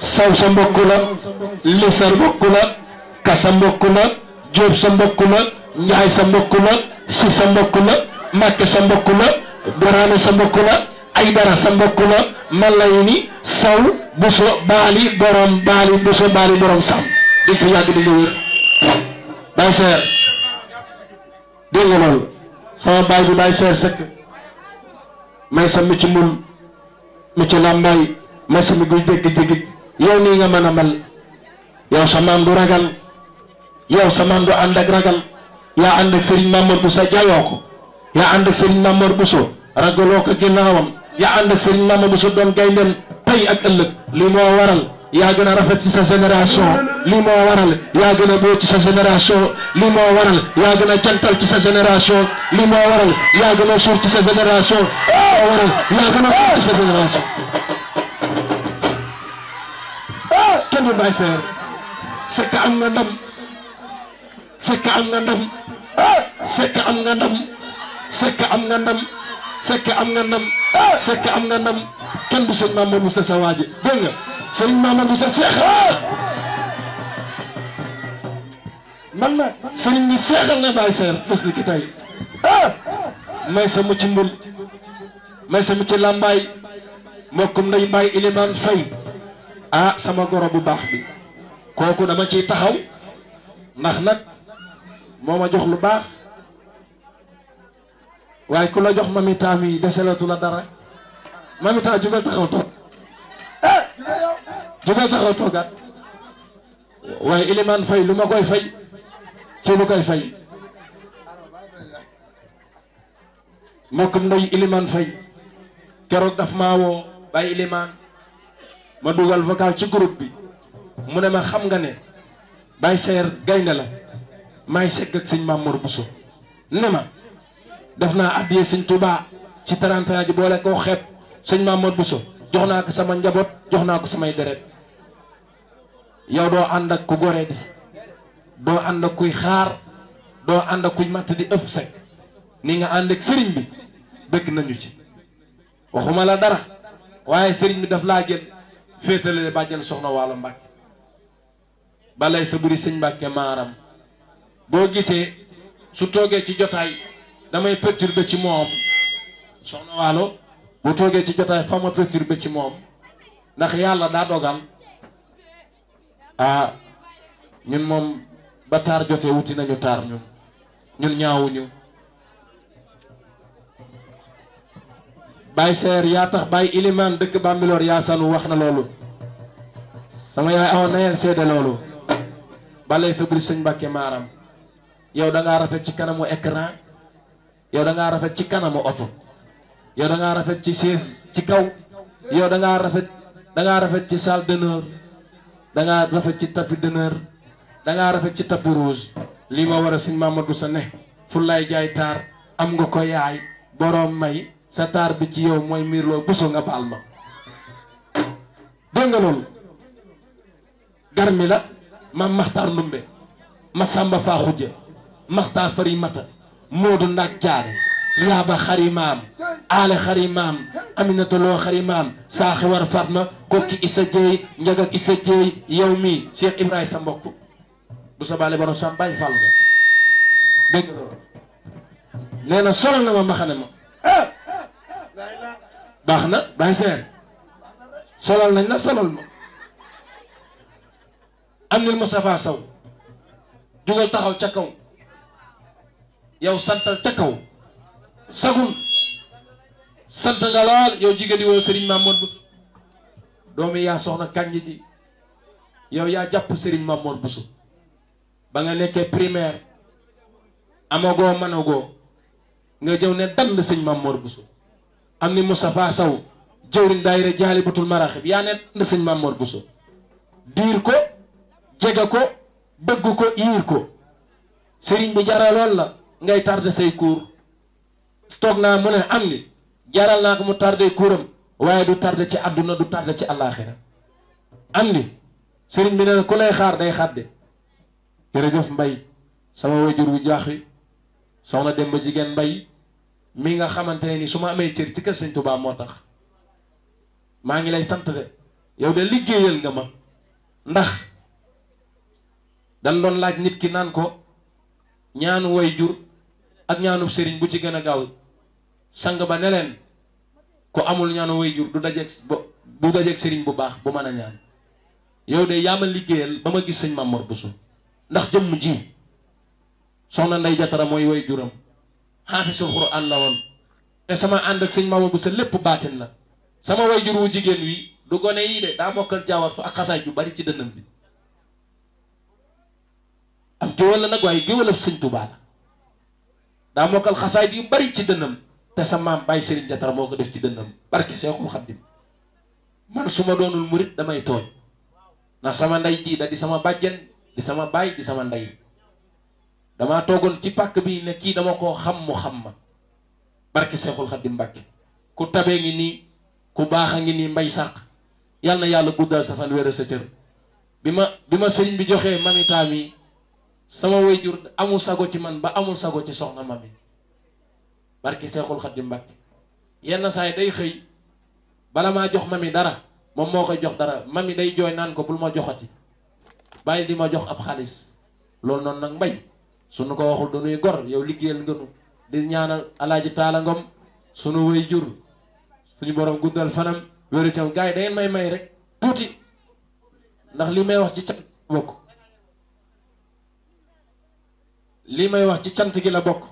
Samson bokkuna, Lisar bokkuna, Kasan bokkuna, Job bokkuna, Nyaay bokkuna, Sisan bokkuna, mat sa mbokk la Doraane sa mbokk la kula, sa mbokk la Malayni Saw Buso Bali, borom Bali, Buso bali borom Sam di ko yag di nga bay Baye de nga lol sama bay bi bay Seer sek may sa mi ci mun mi ci làmbaay may sa mi deg deg yow ni nga mana mel yow sa man du ragal yow sa man du andak ragal ya andak Serigne Mamadou sa jayoko yaa ànd ak Serigne Mamor Bousso ragaloo ko ginnaawam yaa ànd ak Serigne Mamor Bousso doon gayndeem tey ak ëllëg lii moo waral yaa gën a rafet ci sa génération lii moo waral yaa gën a boo ci sa génération lii moo waral yaa gën a jantal ci sa génération lii moo waral yaa gën a suur ci sa génération lii moo waral yaa gën a suur ci sa génération ah, kenn du bàyyi seer sekk am nga ndam sekk am nga ndam sekk ah, am nga ndam sekk am nga ndam sekk am nga ndam sekk ah! am nga ndam kenn du sëñ Mamadou Moussa sa waaji dégg nga sëñ Mamadou Moussa ah! man na sëriñ bi seexal na Baye Seer bés ni ki tey ah! may sa mu ci mbul may sa mu ci làmbaay mbokkum nday Baye Ilimaan Fay ah sama goro bu baax bi kooku dama ciy taxaw ndax nag moo ma jox lu baax waaye ku la jox mamita mi deselatu la dara mamita jugal taxaw toog eh! waaye Ilimaan Fay lu ma koy fay ci lu koy fay mbokkam ndey Ilimaan Fay keroog daf maa woo Ilimaan ma dugal vocal ci groupe bi mu ne ma xam nga ne Baye Seer gaynde la maay segg ak sëñ Mamour Bousso ne ma def naa addiyee sëñ tubaa ci 30 ans ji boole koo xeeb sëñ Mamadou Bousso jox naa ko sama njaboot jox naa ko samay deret yow doo ànd ak ku gore di doo ànd ak kuy xaar doo ànd ak kuy matt di ëpp sek ni nga ànd ak sëriñ bi dëkk nañu ci waxuma la dara waaye sëriñ bi daf laa jël féetale le bàjjen soxna Waalo Mbàkke balay sa buri sëñ Mbàkke maaram boo gisee su toogee ci jotaay damay perturbé ci moom soxna waalo bu toogee ci jotaay fa ma perturbé ci moom ndax yàlla daa dogal ah ñun moom ba taar jotee wuti nañu taar ñun ñun ñaawuñu Baye Seer yaa tax Baye Ilimaan dëkk Bambilor yaa sanu wax na loolu sama yaay awoon na yeen seede loolu balay sa buri sëñ Mbàkke maaram yow da rafet ci kanamu écran yow dangaa rafet ci kanamu oto yow dangaa rafet ci siis ci kaw yow dangaa rafet dangaa rafet ci salle d'honneur da rafet ci tapis d'honneur dangaa rafet ci tapis rouge lii ma war a sëñ Mamadou sa ne fu lay jaay taar am nga ko yaay boroom may sa taar bi ci yow mooy miir loo bësoo nga baal ma dégg nga loolu garmi la maxtaar ndumbe ma sàmba faa xujje maxtaar fari mata Moodu Ndak Jaare Yaaba xari maam Ale xari maam Aminata Loo xari maam saaxi war Fatma kokki Issa Dieye njag ak Issa Dieye yow mii Cheikh Ibrahima sa mbokk bu sa baale borom sam bàyyi fàll nga na solal na ma maxane baax na bàyyi solal nañ na solal ma am nil Moustapha Sow dugal taxaw ca kaw yow santal ca kaw sagul sant nga lool yow jigéen di woo Serigne Mamour Bousso doomi yaa soxna kànji ji yow yaa jàpp Serigne Mamour Bousso ba nga nekkee primaire amagoo managoo nga jëw ne dall sëñ Mamour Bousso am ni Moustapha Sow jëwriñ daayira jaalibatul maraxib yaa ne dall sëñ Mamour Bousso diir ko jege ko bëgg ko yiir ko Serigne bi jara lool la ngay tardé say cour stock na mu ne am ni jaral na ko mu tardé couram waye du tardé ci aduna du tardé ci àllaaxira am ni sëriñ bi ne ko lay xaar day xàdde jërëjëf mbay sama wajur wi jaax soxna dem ba jigen mbay mi nga xamante ni suma amé ciir ci kër serigne touba motax ma ngi lay sant de yow de liggéeyal nga ma ndax dan don laaj nit ki nan ko ñaan way jur ak ñaanub sëriñ bu ci gëna gaaw sang ba ne leen amul ñaanu wayjur du dajeeg du dajeeg sëriñ bu baax bu mëna ñaan yow de yaa ma liggéeyal ba ma gis Mamor Bousso ndax jëm ji soxna nday jatara moy wayjuram xaafisul qur'an la won te sama and ak sëñ Mamor Bousso lepp baatin la sama wayjur wu jigen wi du gone yi de daa mokkal jaawartu ak xasaay ju bari ci deñum bi ab jowal la nak way jowal ab touba daa kal xasaayid yu bari ci deunam te sa serin Baye Serigne jatar moko def ci deunam barke Seexul khadim man suma donul mourid damay toy na sama nday ji da di sama bàjjen di sama bay di sama nday dama togon ci pak bi ne ki dama ko xam mu xam ma barke Seexul khadim Mbàkke ku tabe ngi ni ku bax ngi ni mbay sax yalla na yàlla guddal sa fan bima sa cër bi ma bi sama wayjur amul sago ci man ba amul sago ci soxna ma mi barki seexul xaddim mbag yenn saa yi day xëy bala maa jox ma mi dara moom moo koy jox dara ma mi day jooy naan ko bul ma joxati bàyyi di ma jox ab xaalis loolu noonu nag mbay suñu ko waxul du nuy gor yow liggéeyal ngënu di ñaanal alaaji taala ngom sunu wayjur suñu borom guddal fanam wéru cam gars yi da ngeen may may rek tuuti ndax li may wax ci ca bokk lii may wax ci cant gi la bokk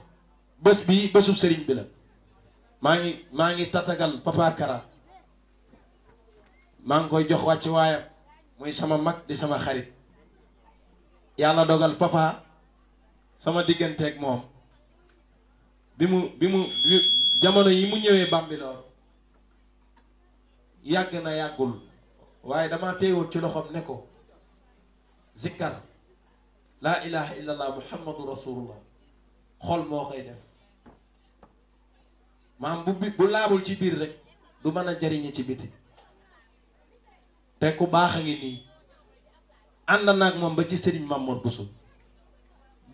bés bi bésub sëriñ bi la maa ngi maa ngi tatagal Papa Kara maa ngi koy jox wàcc waayam muy sama mag di sama xarit yàlla dogal Papa sama digganteeg moom bi mu bi mu jamono yi mu ñëwee Bambilor yàgg na yàggul waaye dama teewul ci loxoom ne ko zikkar laa ilaha illallah muhammadu rasulullah xol moo koy def maam bu bi bu laabul ci biir rek du mën a jariñe ci biti te ku baax a ngi nii ànd naag moom ba ci sëriñ Mamoor Bousso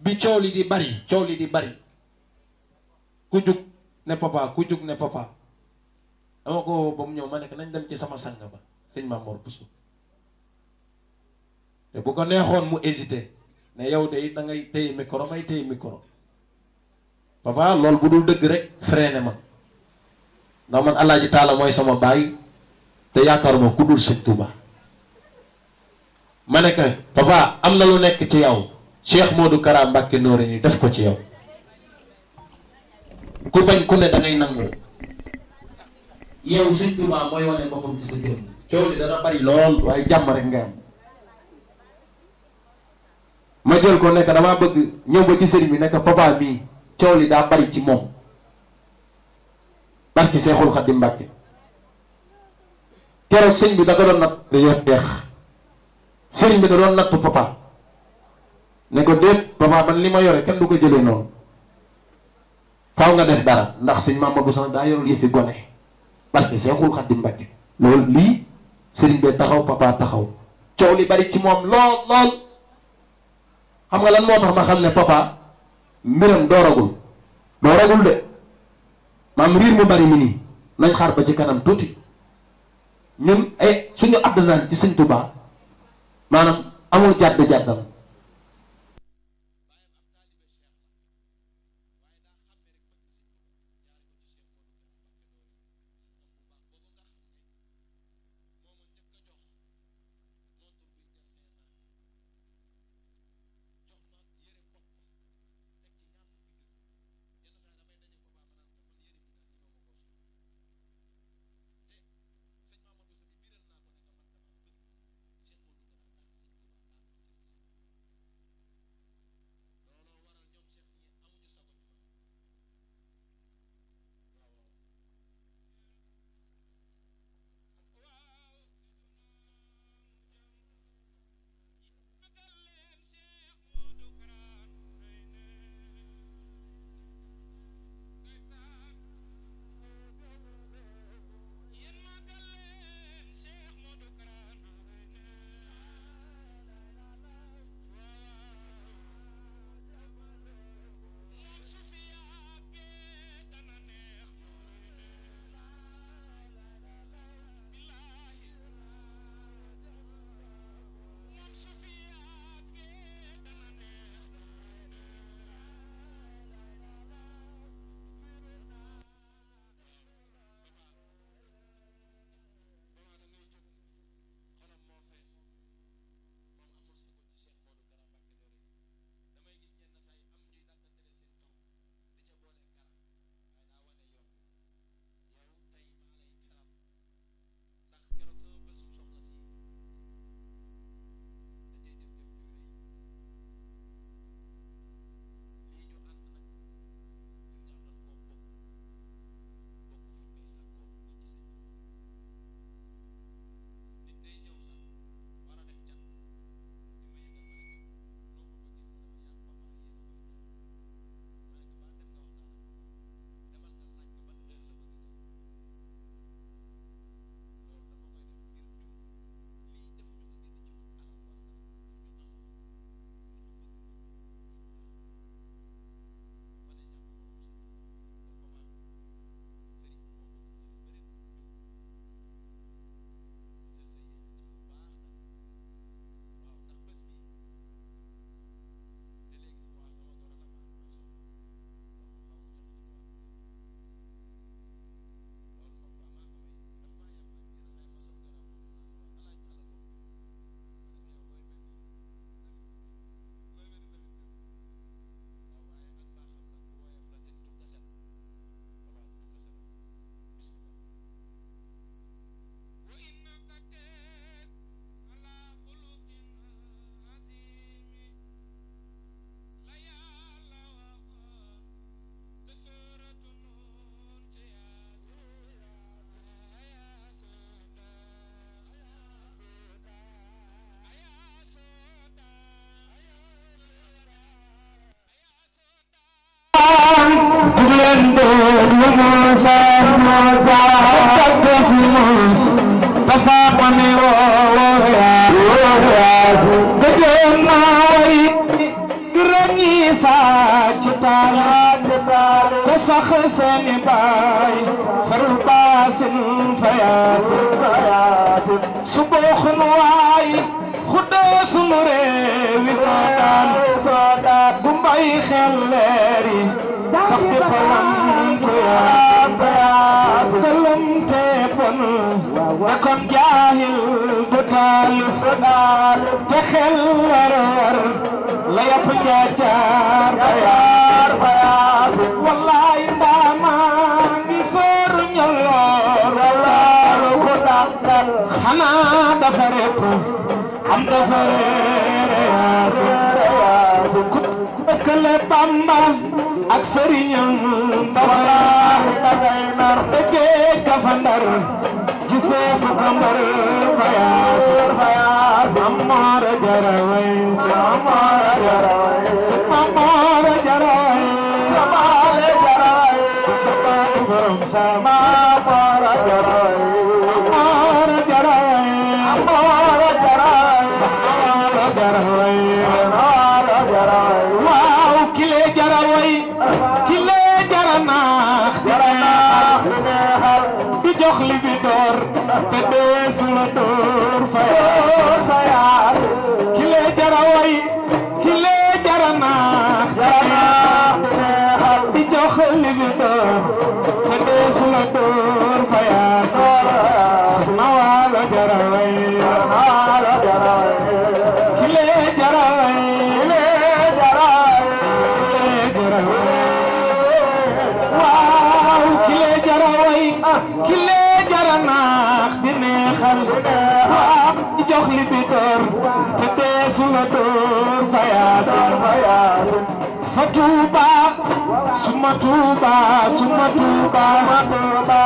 bi coow li di bari coow li di bari ku jug ne papa ku jug ne papa dama ko ba mu ñëw ma nekk nañ dem ci sama sang ba sëñ Mamoor Bousso te bu ko neexoon mu hésité ne yow de da ngay téye micro may téye micro papa loolu bu dul dëgg rek freiné ma ndax man Alaaji Taala mooy sama baay te yaakaaruma ku dul sëñ Tuuba ma ne ko papa am na lu nekk ci yow Cheikh Modou Kara Mbàkke Noori ni def ko ci yow ku bañ ku ne da ngay nangu yow sëñ Tuuba mooy wane boppam ci sa jëm coow li dana bari lool waaye jàmm rek nga am ma jël ko nekk damaa bëgg ñëw ba ci sëriñ bi nekk papa mii coow li daa bari ci moom barki Seexul Xaddim Mbàkke keroog sëñ bi da ko doon natt dañoo teex sëriñ bi da doon natt papa ne ko déet papa man li ma yore kenn du ko jëlee noonu faaw nga def dara ndax sëñ bu sax daa yorul yëfi gone barki Seexul Xaddim Mbàkke loolu lii sëriñ bi taxaw papa taxaw coow li bari ci moom lool lool xam nga lan moo tax ma xam ne papa mbiram dooragul dooragul de maam riir mu bari mi nii nañ xaar ba ci kanam tuuti ñun ay eh, suñu àddunaan ci sëñ Tuubaa maanaam amul jàdd jàddam lu réewi sootaan sootaan bu mbay xel leer yi sax di palam ko yaa balaas këlëm teepon da kon jaahil bu taalif te xel war war la yàpp njaajaar bayaar bayaas wallaay ndaamaa ngi soor ñoloor xanaa dafa rekk kële Bamba ak sëriñam wallaahi dangay nar dëggee kafandar gisee fa xambar fayaas fayaas amaara jaraway amaara jaraway fatuuba suma tuuba suma tuuba ma tuuba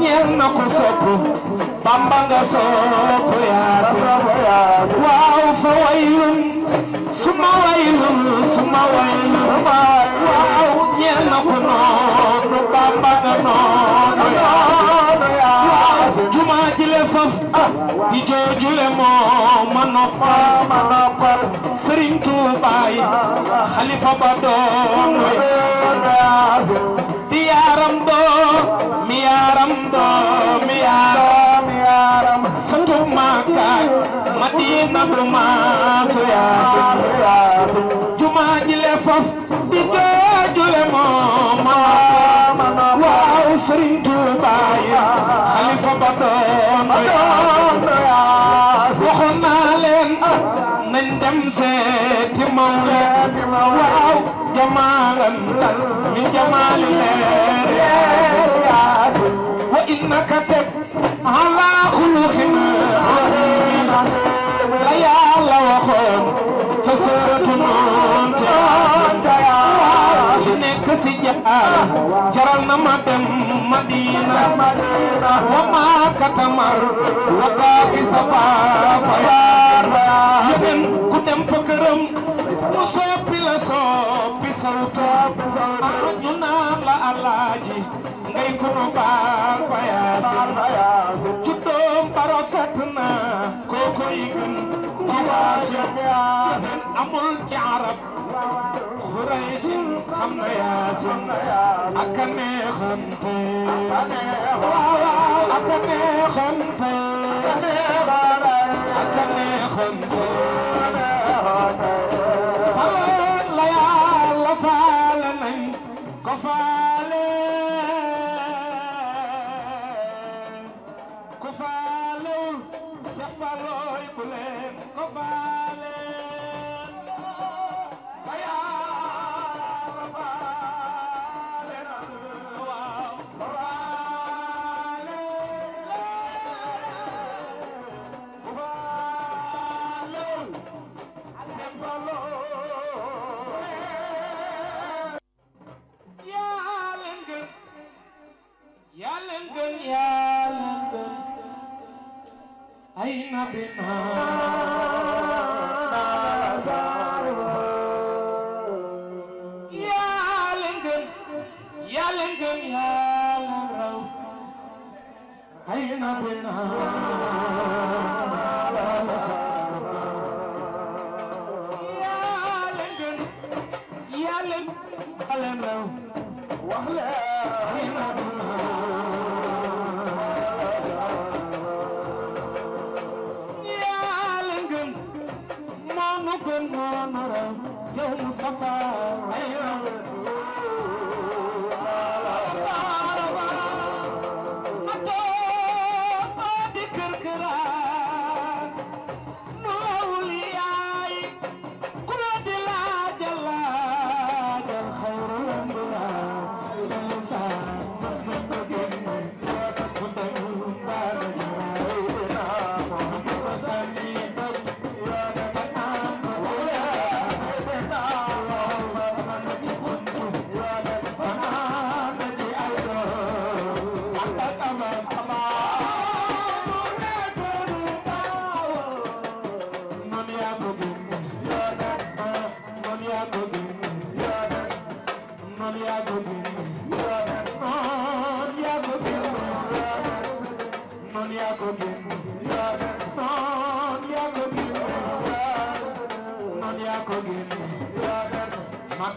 ñeel na ko sopp bamba nga sopp yaa waaw fa waylun suma waylun suma waylun waaw ñeel na ko noonu bamba nga noonu jumaa ji le faf di jooju le moo ma noppal ma noppal Sëriñ Tuubaa yi xalifa ba doon we di yaaram doo mi yaaram doo mi yaaram sëtu maakaay Madina du maasu yaasu jumaa ji le faf di jooju le moo ma Sëriñ Tuuba ya xalifa ba doon yaas waxoon naa leen nañ dem seeti Mawla waaw jamaalan min jamaali leer yaas wa innaka teg ala xuluqin aziim la yàlla waxoon ca suuratu Nuun si jaal jaral na ma dem madina wa ma katamar wa kaafi safa fa yaara yëgen ku dem fa këram mu soppi la soppi sal a ñu naa la alaaji ngay ku nu fa yaasin cu doom barakat na kookoy gën ci waa amul ci arab قريش xam na yaasin ak a neexante ak a neexante ak a neexante fala la yàlla faale nañ ko faale أين بنا أين بنا يا لندن يا لندن ألم لو وأهلا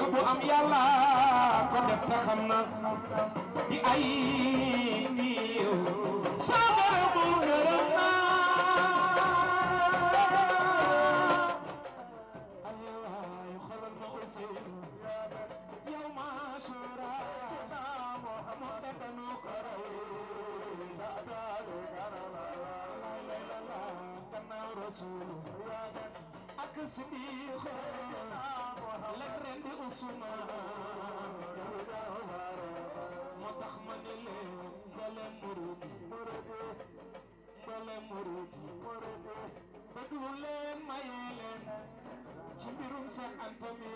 dogal bu am yàlla ko def sa xam na di ay niiw saabara bu gërëm أكسبي خير suma yow moo tax ma ne leen muruti muruti bëgg leen may ci mbirum seen antami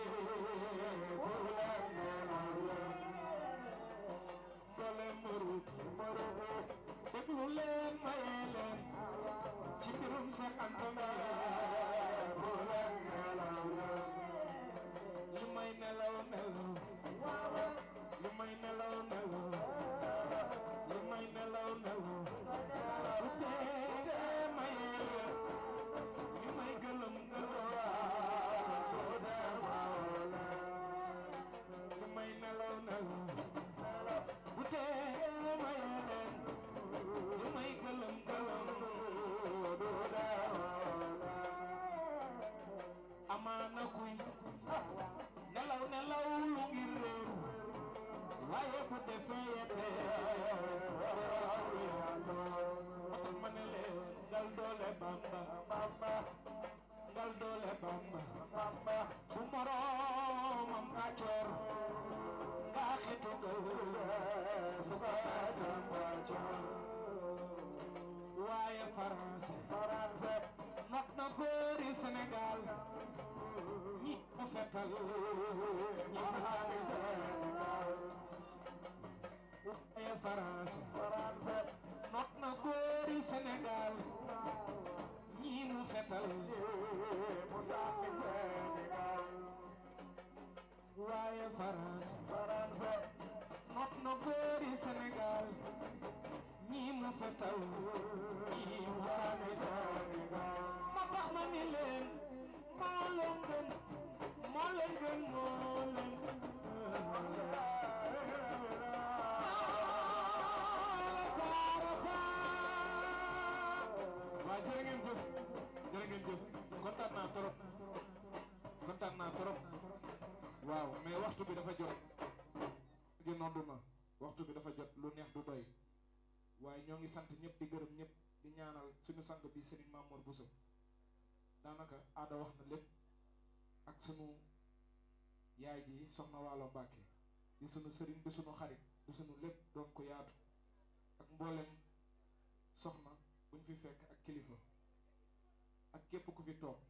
pour leen neenal muruti bëgg leen may ci mbirum seen antami may nelaw nelaw lu may nelaw nelaw lu may nelaw nelaw ಮನೇಲೆ ಗಲ್ದೋಲೆ ಬಾಂಬ ಬಾಂಬ ಗಲ್ದೋಲೆ ಬಾಂಬ ಬಾಂಬ ಸುಮರೋ ಮಮ್ಮ ಚೋರ್ ಕಾಕಿತು ವಾಯ ಫರಾನ್ಸ್ ಫರಾನ್ಸ್ ನಕ್ನ ಕೋರಿ ಸೆನೆಗಾಲ್ ಮುಫೆತಲ್ ಮಹಾನಿಸ France France not na góori Sénégal ñii mu fetal mu sàmmi Sénégal waaye France Sénégal ñii mu Sénégal ma tax ma ni leen moo leen gën kontaan naa trop kontaan naa trop waaw mais waxtu bi dafa jot gi noddu na waxtu bi dafa jot lu neex du doy waaye ñoo ngi sant ñëpp di gërëm ñëpp di ñaanal suñu sang bi Serigne Mamour Bousso daanaka aada wax na lépp ak yaay ji soxna di sunu sëriñ di sunu xarit di sunu lépp doon ko yaatu ak mboolem soxna buñ fi fekk ak kilifa ak képp ku fi toog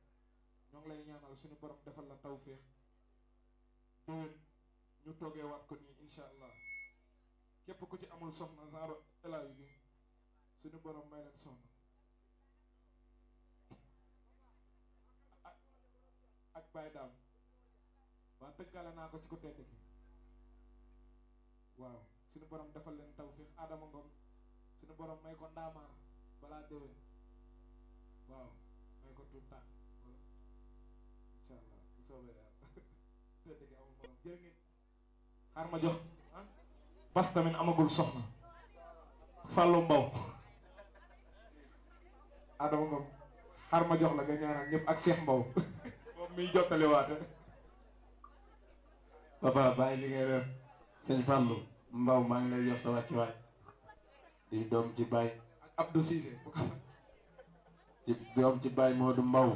ñoo ngi lay ñaanal suñu borom defal la tawfiq déwén ñu toogee waat ko nii ku ci amul soxna genre elaay bi suñu borom may leen soxna ak ak bàyyi daam waa tëggaale naa ko ci ku tedd ki waaw suñu borom defal leen tawfiq ngom suñu borom may ko waaw may ko soobee yàlla xaar ma jox bas tamit amagul soxna Fallou Mbow Adama Ngom xaar ma jox la nga ñaanal ñëpp ak Cheikh Mbow moom miy jottali waate papa bàyyi li ngay def sëñ Fallou Mbow maa ngi lay jox sa wàccuwaay di doom ci bàyyi ci doom ci bàyyi Modou Mbow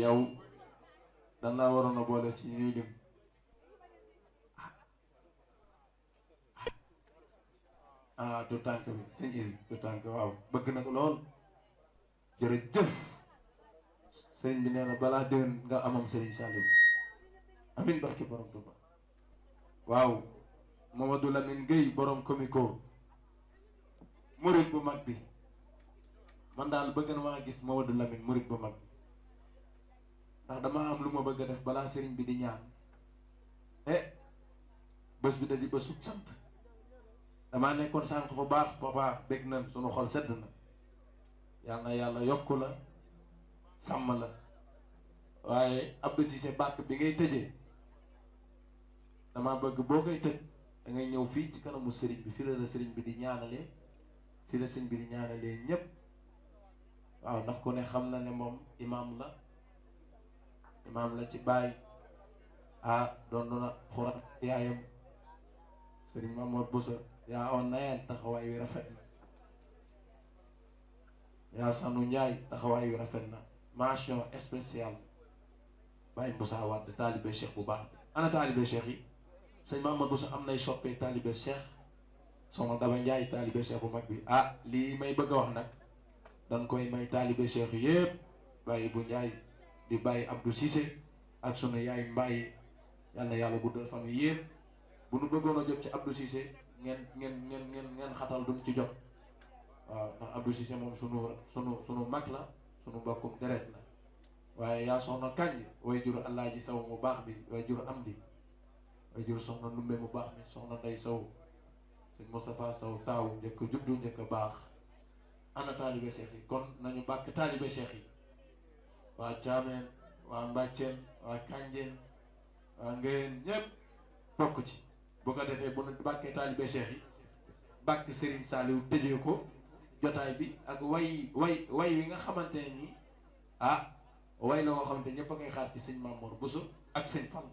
yow dan laa waroon a boole ci ñuy lim ah du tànk bi sëñ Izi du waaw bëgg na ko lool jërëjëf sëriñ bi nee na balaa déwén nga amam sëriñ Saliou amin barki borom Touba waaw Mamadou Lamine Gueye borom comico murit bu mag bi man daal bëgg na maa gis Mamadou Lamine murit bu mag Tak dama am lu ma bëgg def balaa eh bos bida di bésu sant damaa nekkoon sànq fa papa begnan nan sunu ya na ya na yok yokk la sàmm la waaye Abdou Cissé bàkk bi je. nama baga boga itu, koy tëj da ngay musirin fii ci sirin sëriñ bi fii la ah, la nyep. bi di ñaanalee fii la sëriñ la imaam la ci baay ah doon doon xuraan yaayam sëriñ Mamour Boussa yaa on rafet na yaa sanu njaay taxawaay wi rafet na mention spéciale Baye Moussa Wade taalibe cheikh bu baax ana taalibe cheikh yi sëñ Mamour Boussa am nay soppee taalibe cheikh soxna Daba Njaay taalibe cheikh bu mag bi ah lii may bëgg a wax nag dañ koy may taalibe cheikh yépp bàyyi bu njaay di bayi Abdou Cissé ak sunu yaay Mbaye yalla yalla yàlla guddal fan wi bu nu bëggoon a jot ci Abdou Cissé ngeen ngeen ngeen ngeen ngeen xatal duñ ci jot waaw ndax Abdou Cissé mom sunu sunu sunu mak la sunu mbokkum deret la waye ya soxna Kanji way jur ji Saw mu bax bi way jur am bi way jur soxna Numbe mu bax bi soxna day Saw sëñ Moustapha Saw taw njëkk juddu njëkk bax ana talibé cheikh yi kon nañu bak talibé cheikh yi waa Thiamène waa Mbackéne waa Kanjeen waa Ngayeen ñëpp bokk ci bu ko defee bu nu bàkkee taalibe cheikh yi bàkk Serigne Saliou tëjee ko jotaay bi ak way way wi nga xamante ne nii ah way la woo xamante ñëpp a ngay xaar ci sëñ Mamour Bousso ak sëñ Fall.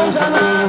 上山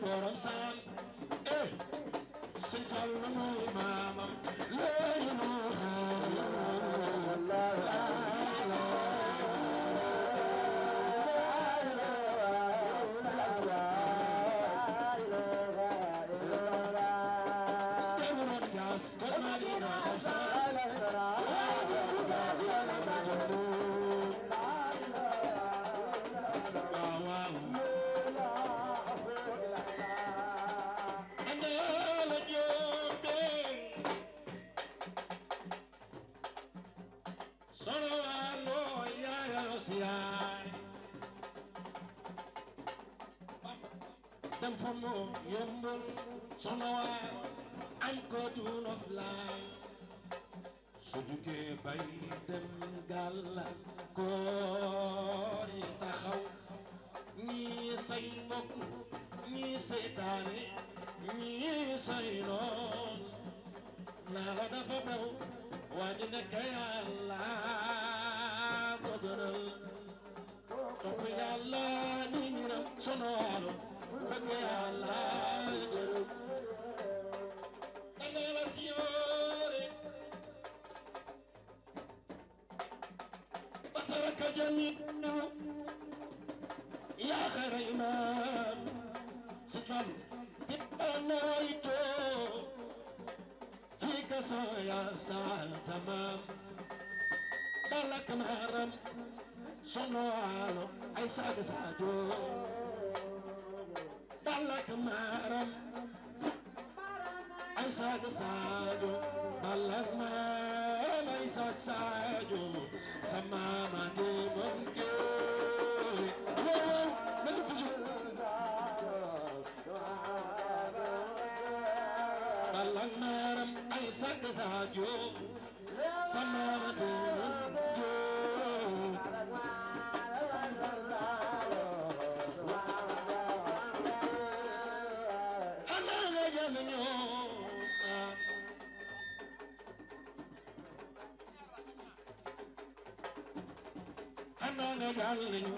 What I'm saying? dem fa moom bay dem gàlla koor yi taxaw ñii say mbokk ñii seytaane ñii say noon naa la dafa daw waa ji nekk yaa الغرام شنوالو أي ساق سادو دالك مهرم أي ساق سادو دالك مهرم أي ساق سادو سما ماني ممكن دالك مهرم أي ساق سادو galliñu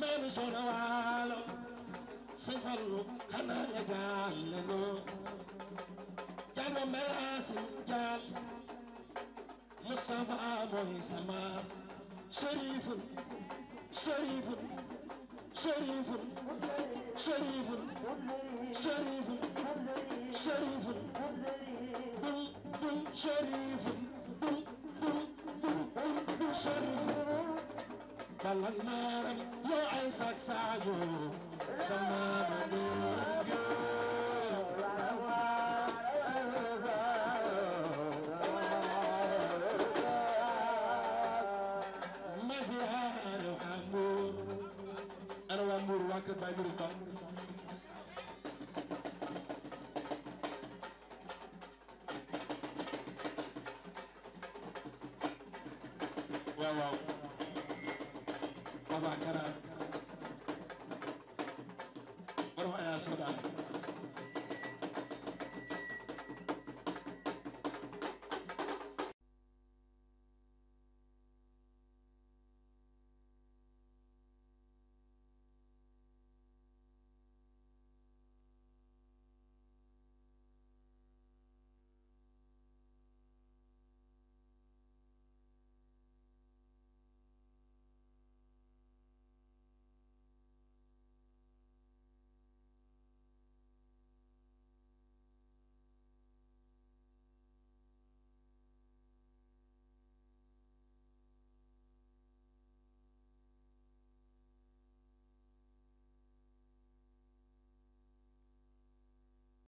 même sona waalo sëñ Fallu xanaa nga jàlle noo jàmm melaasim jàll Mustafa mooy sama sharifun sharifun sharifun sharifun sharifun sharifun bul bul sharif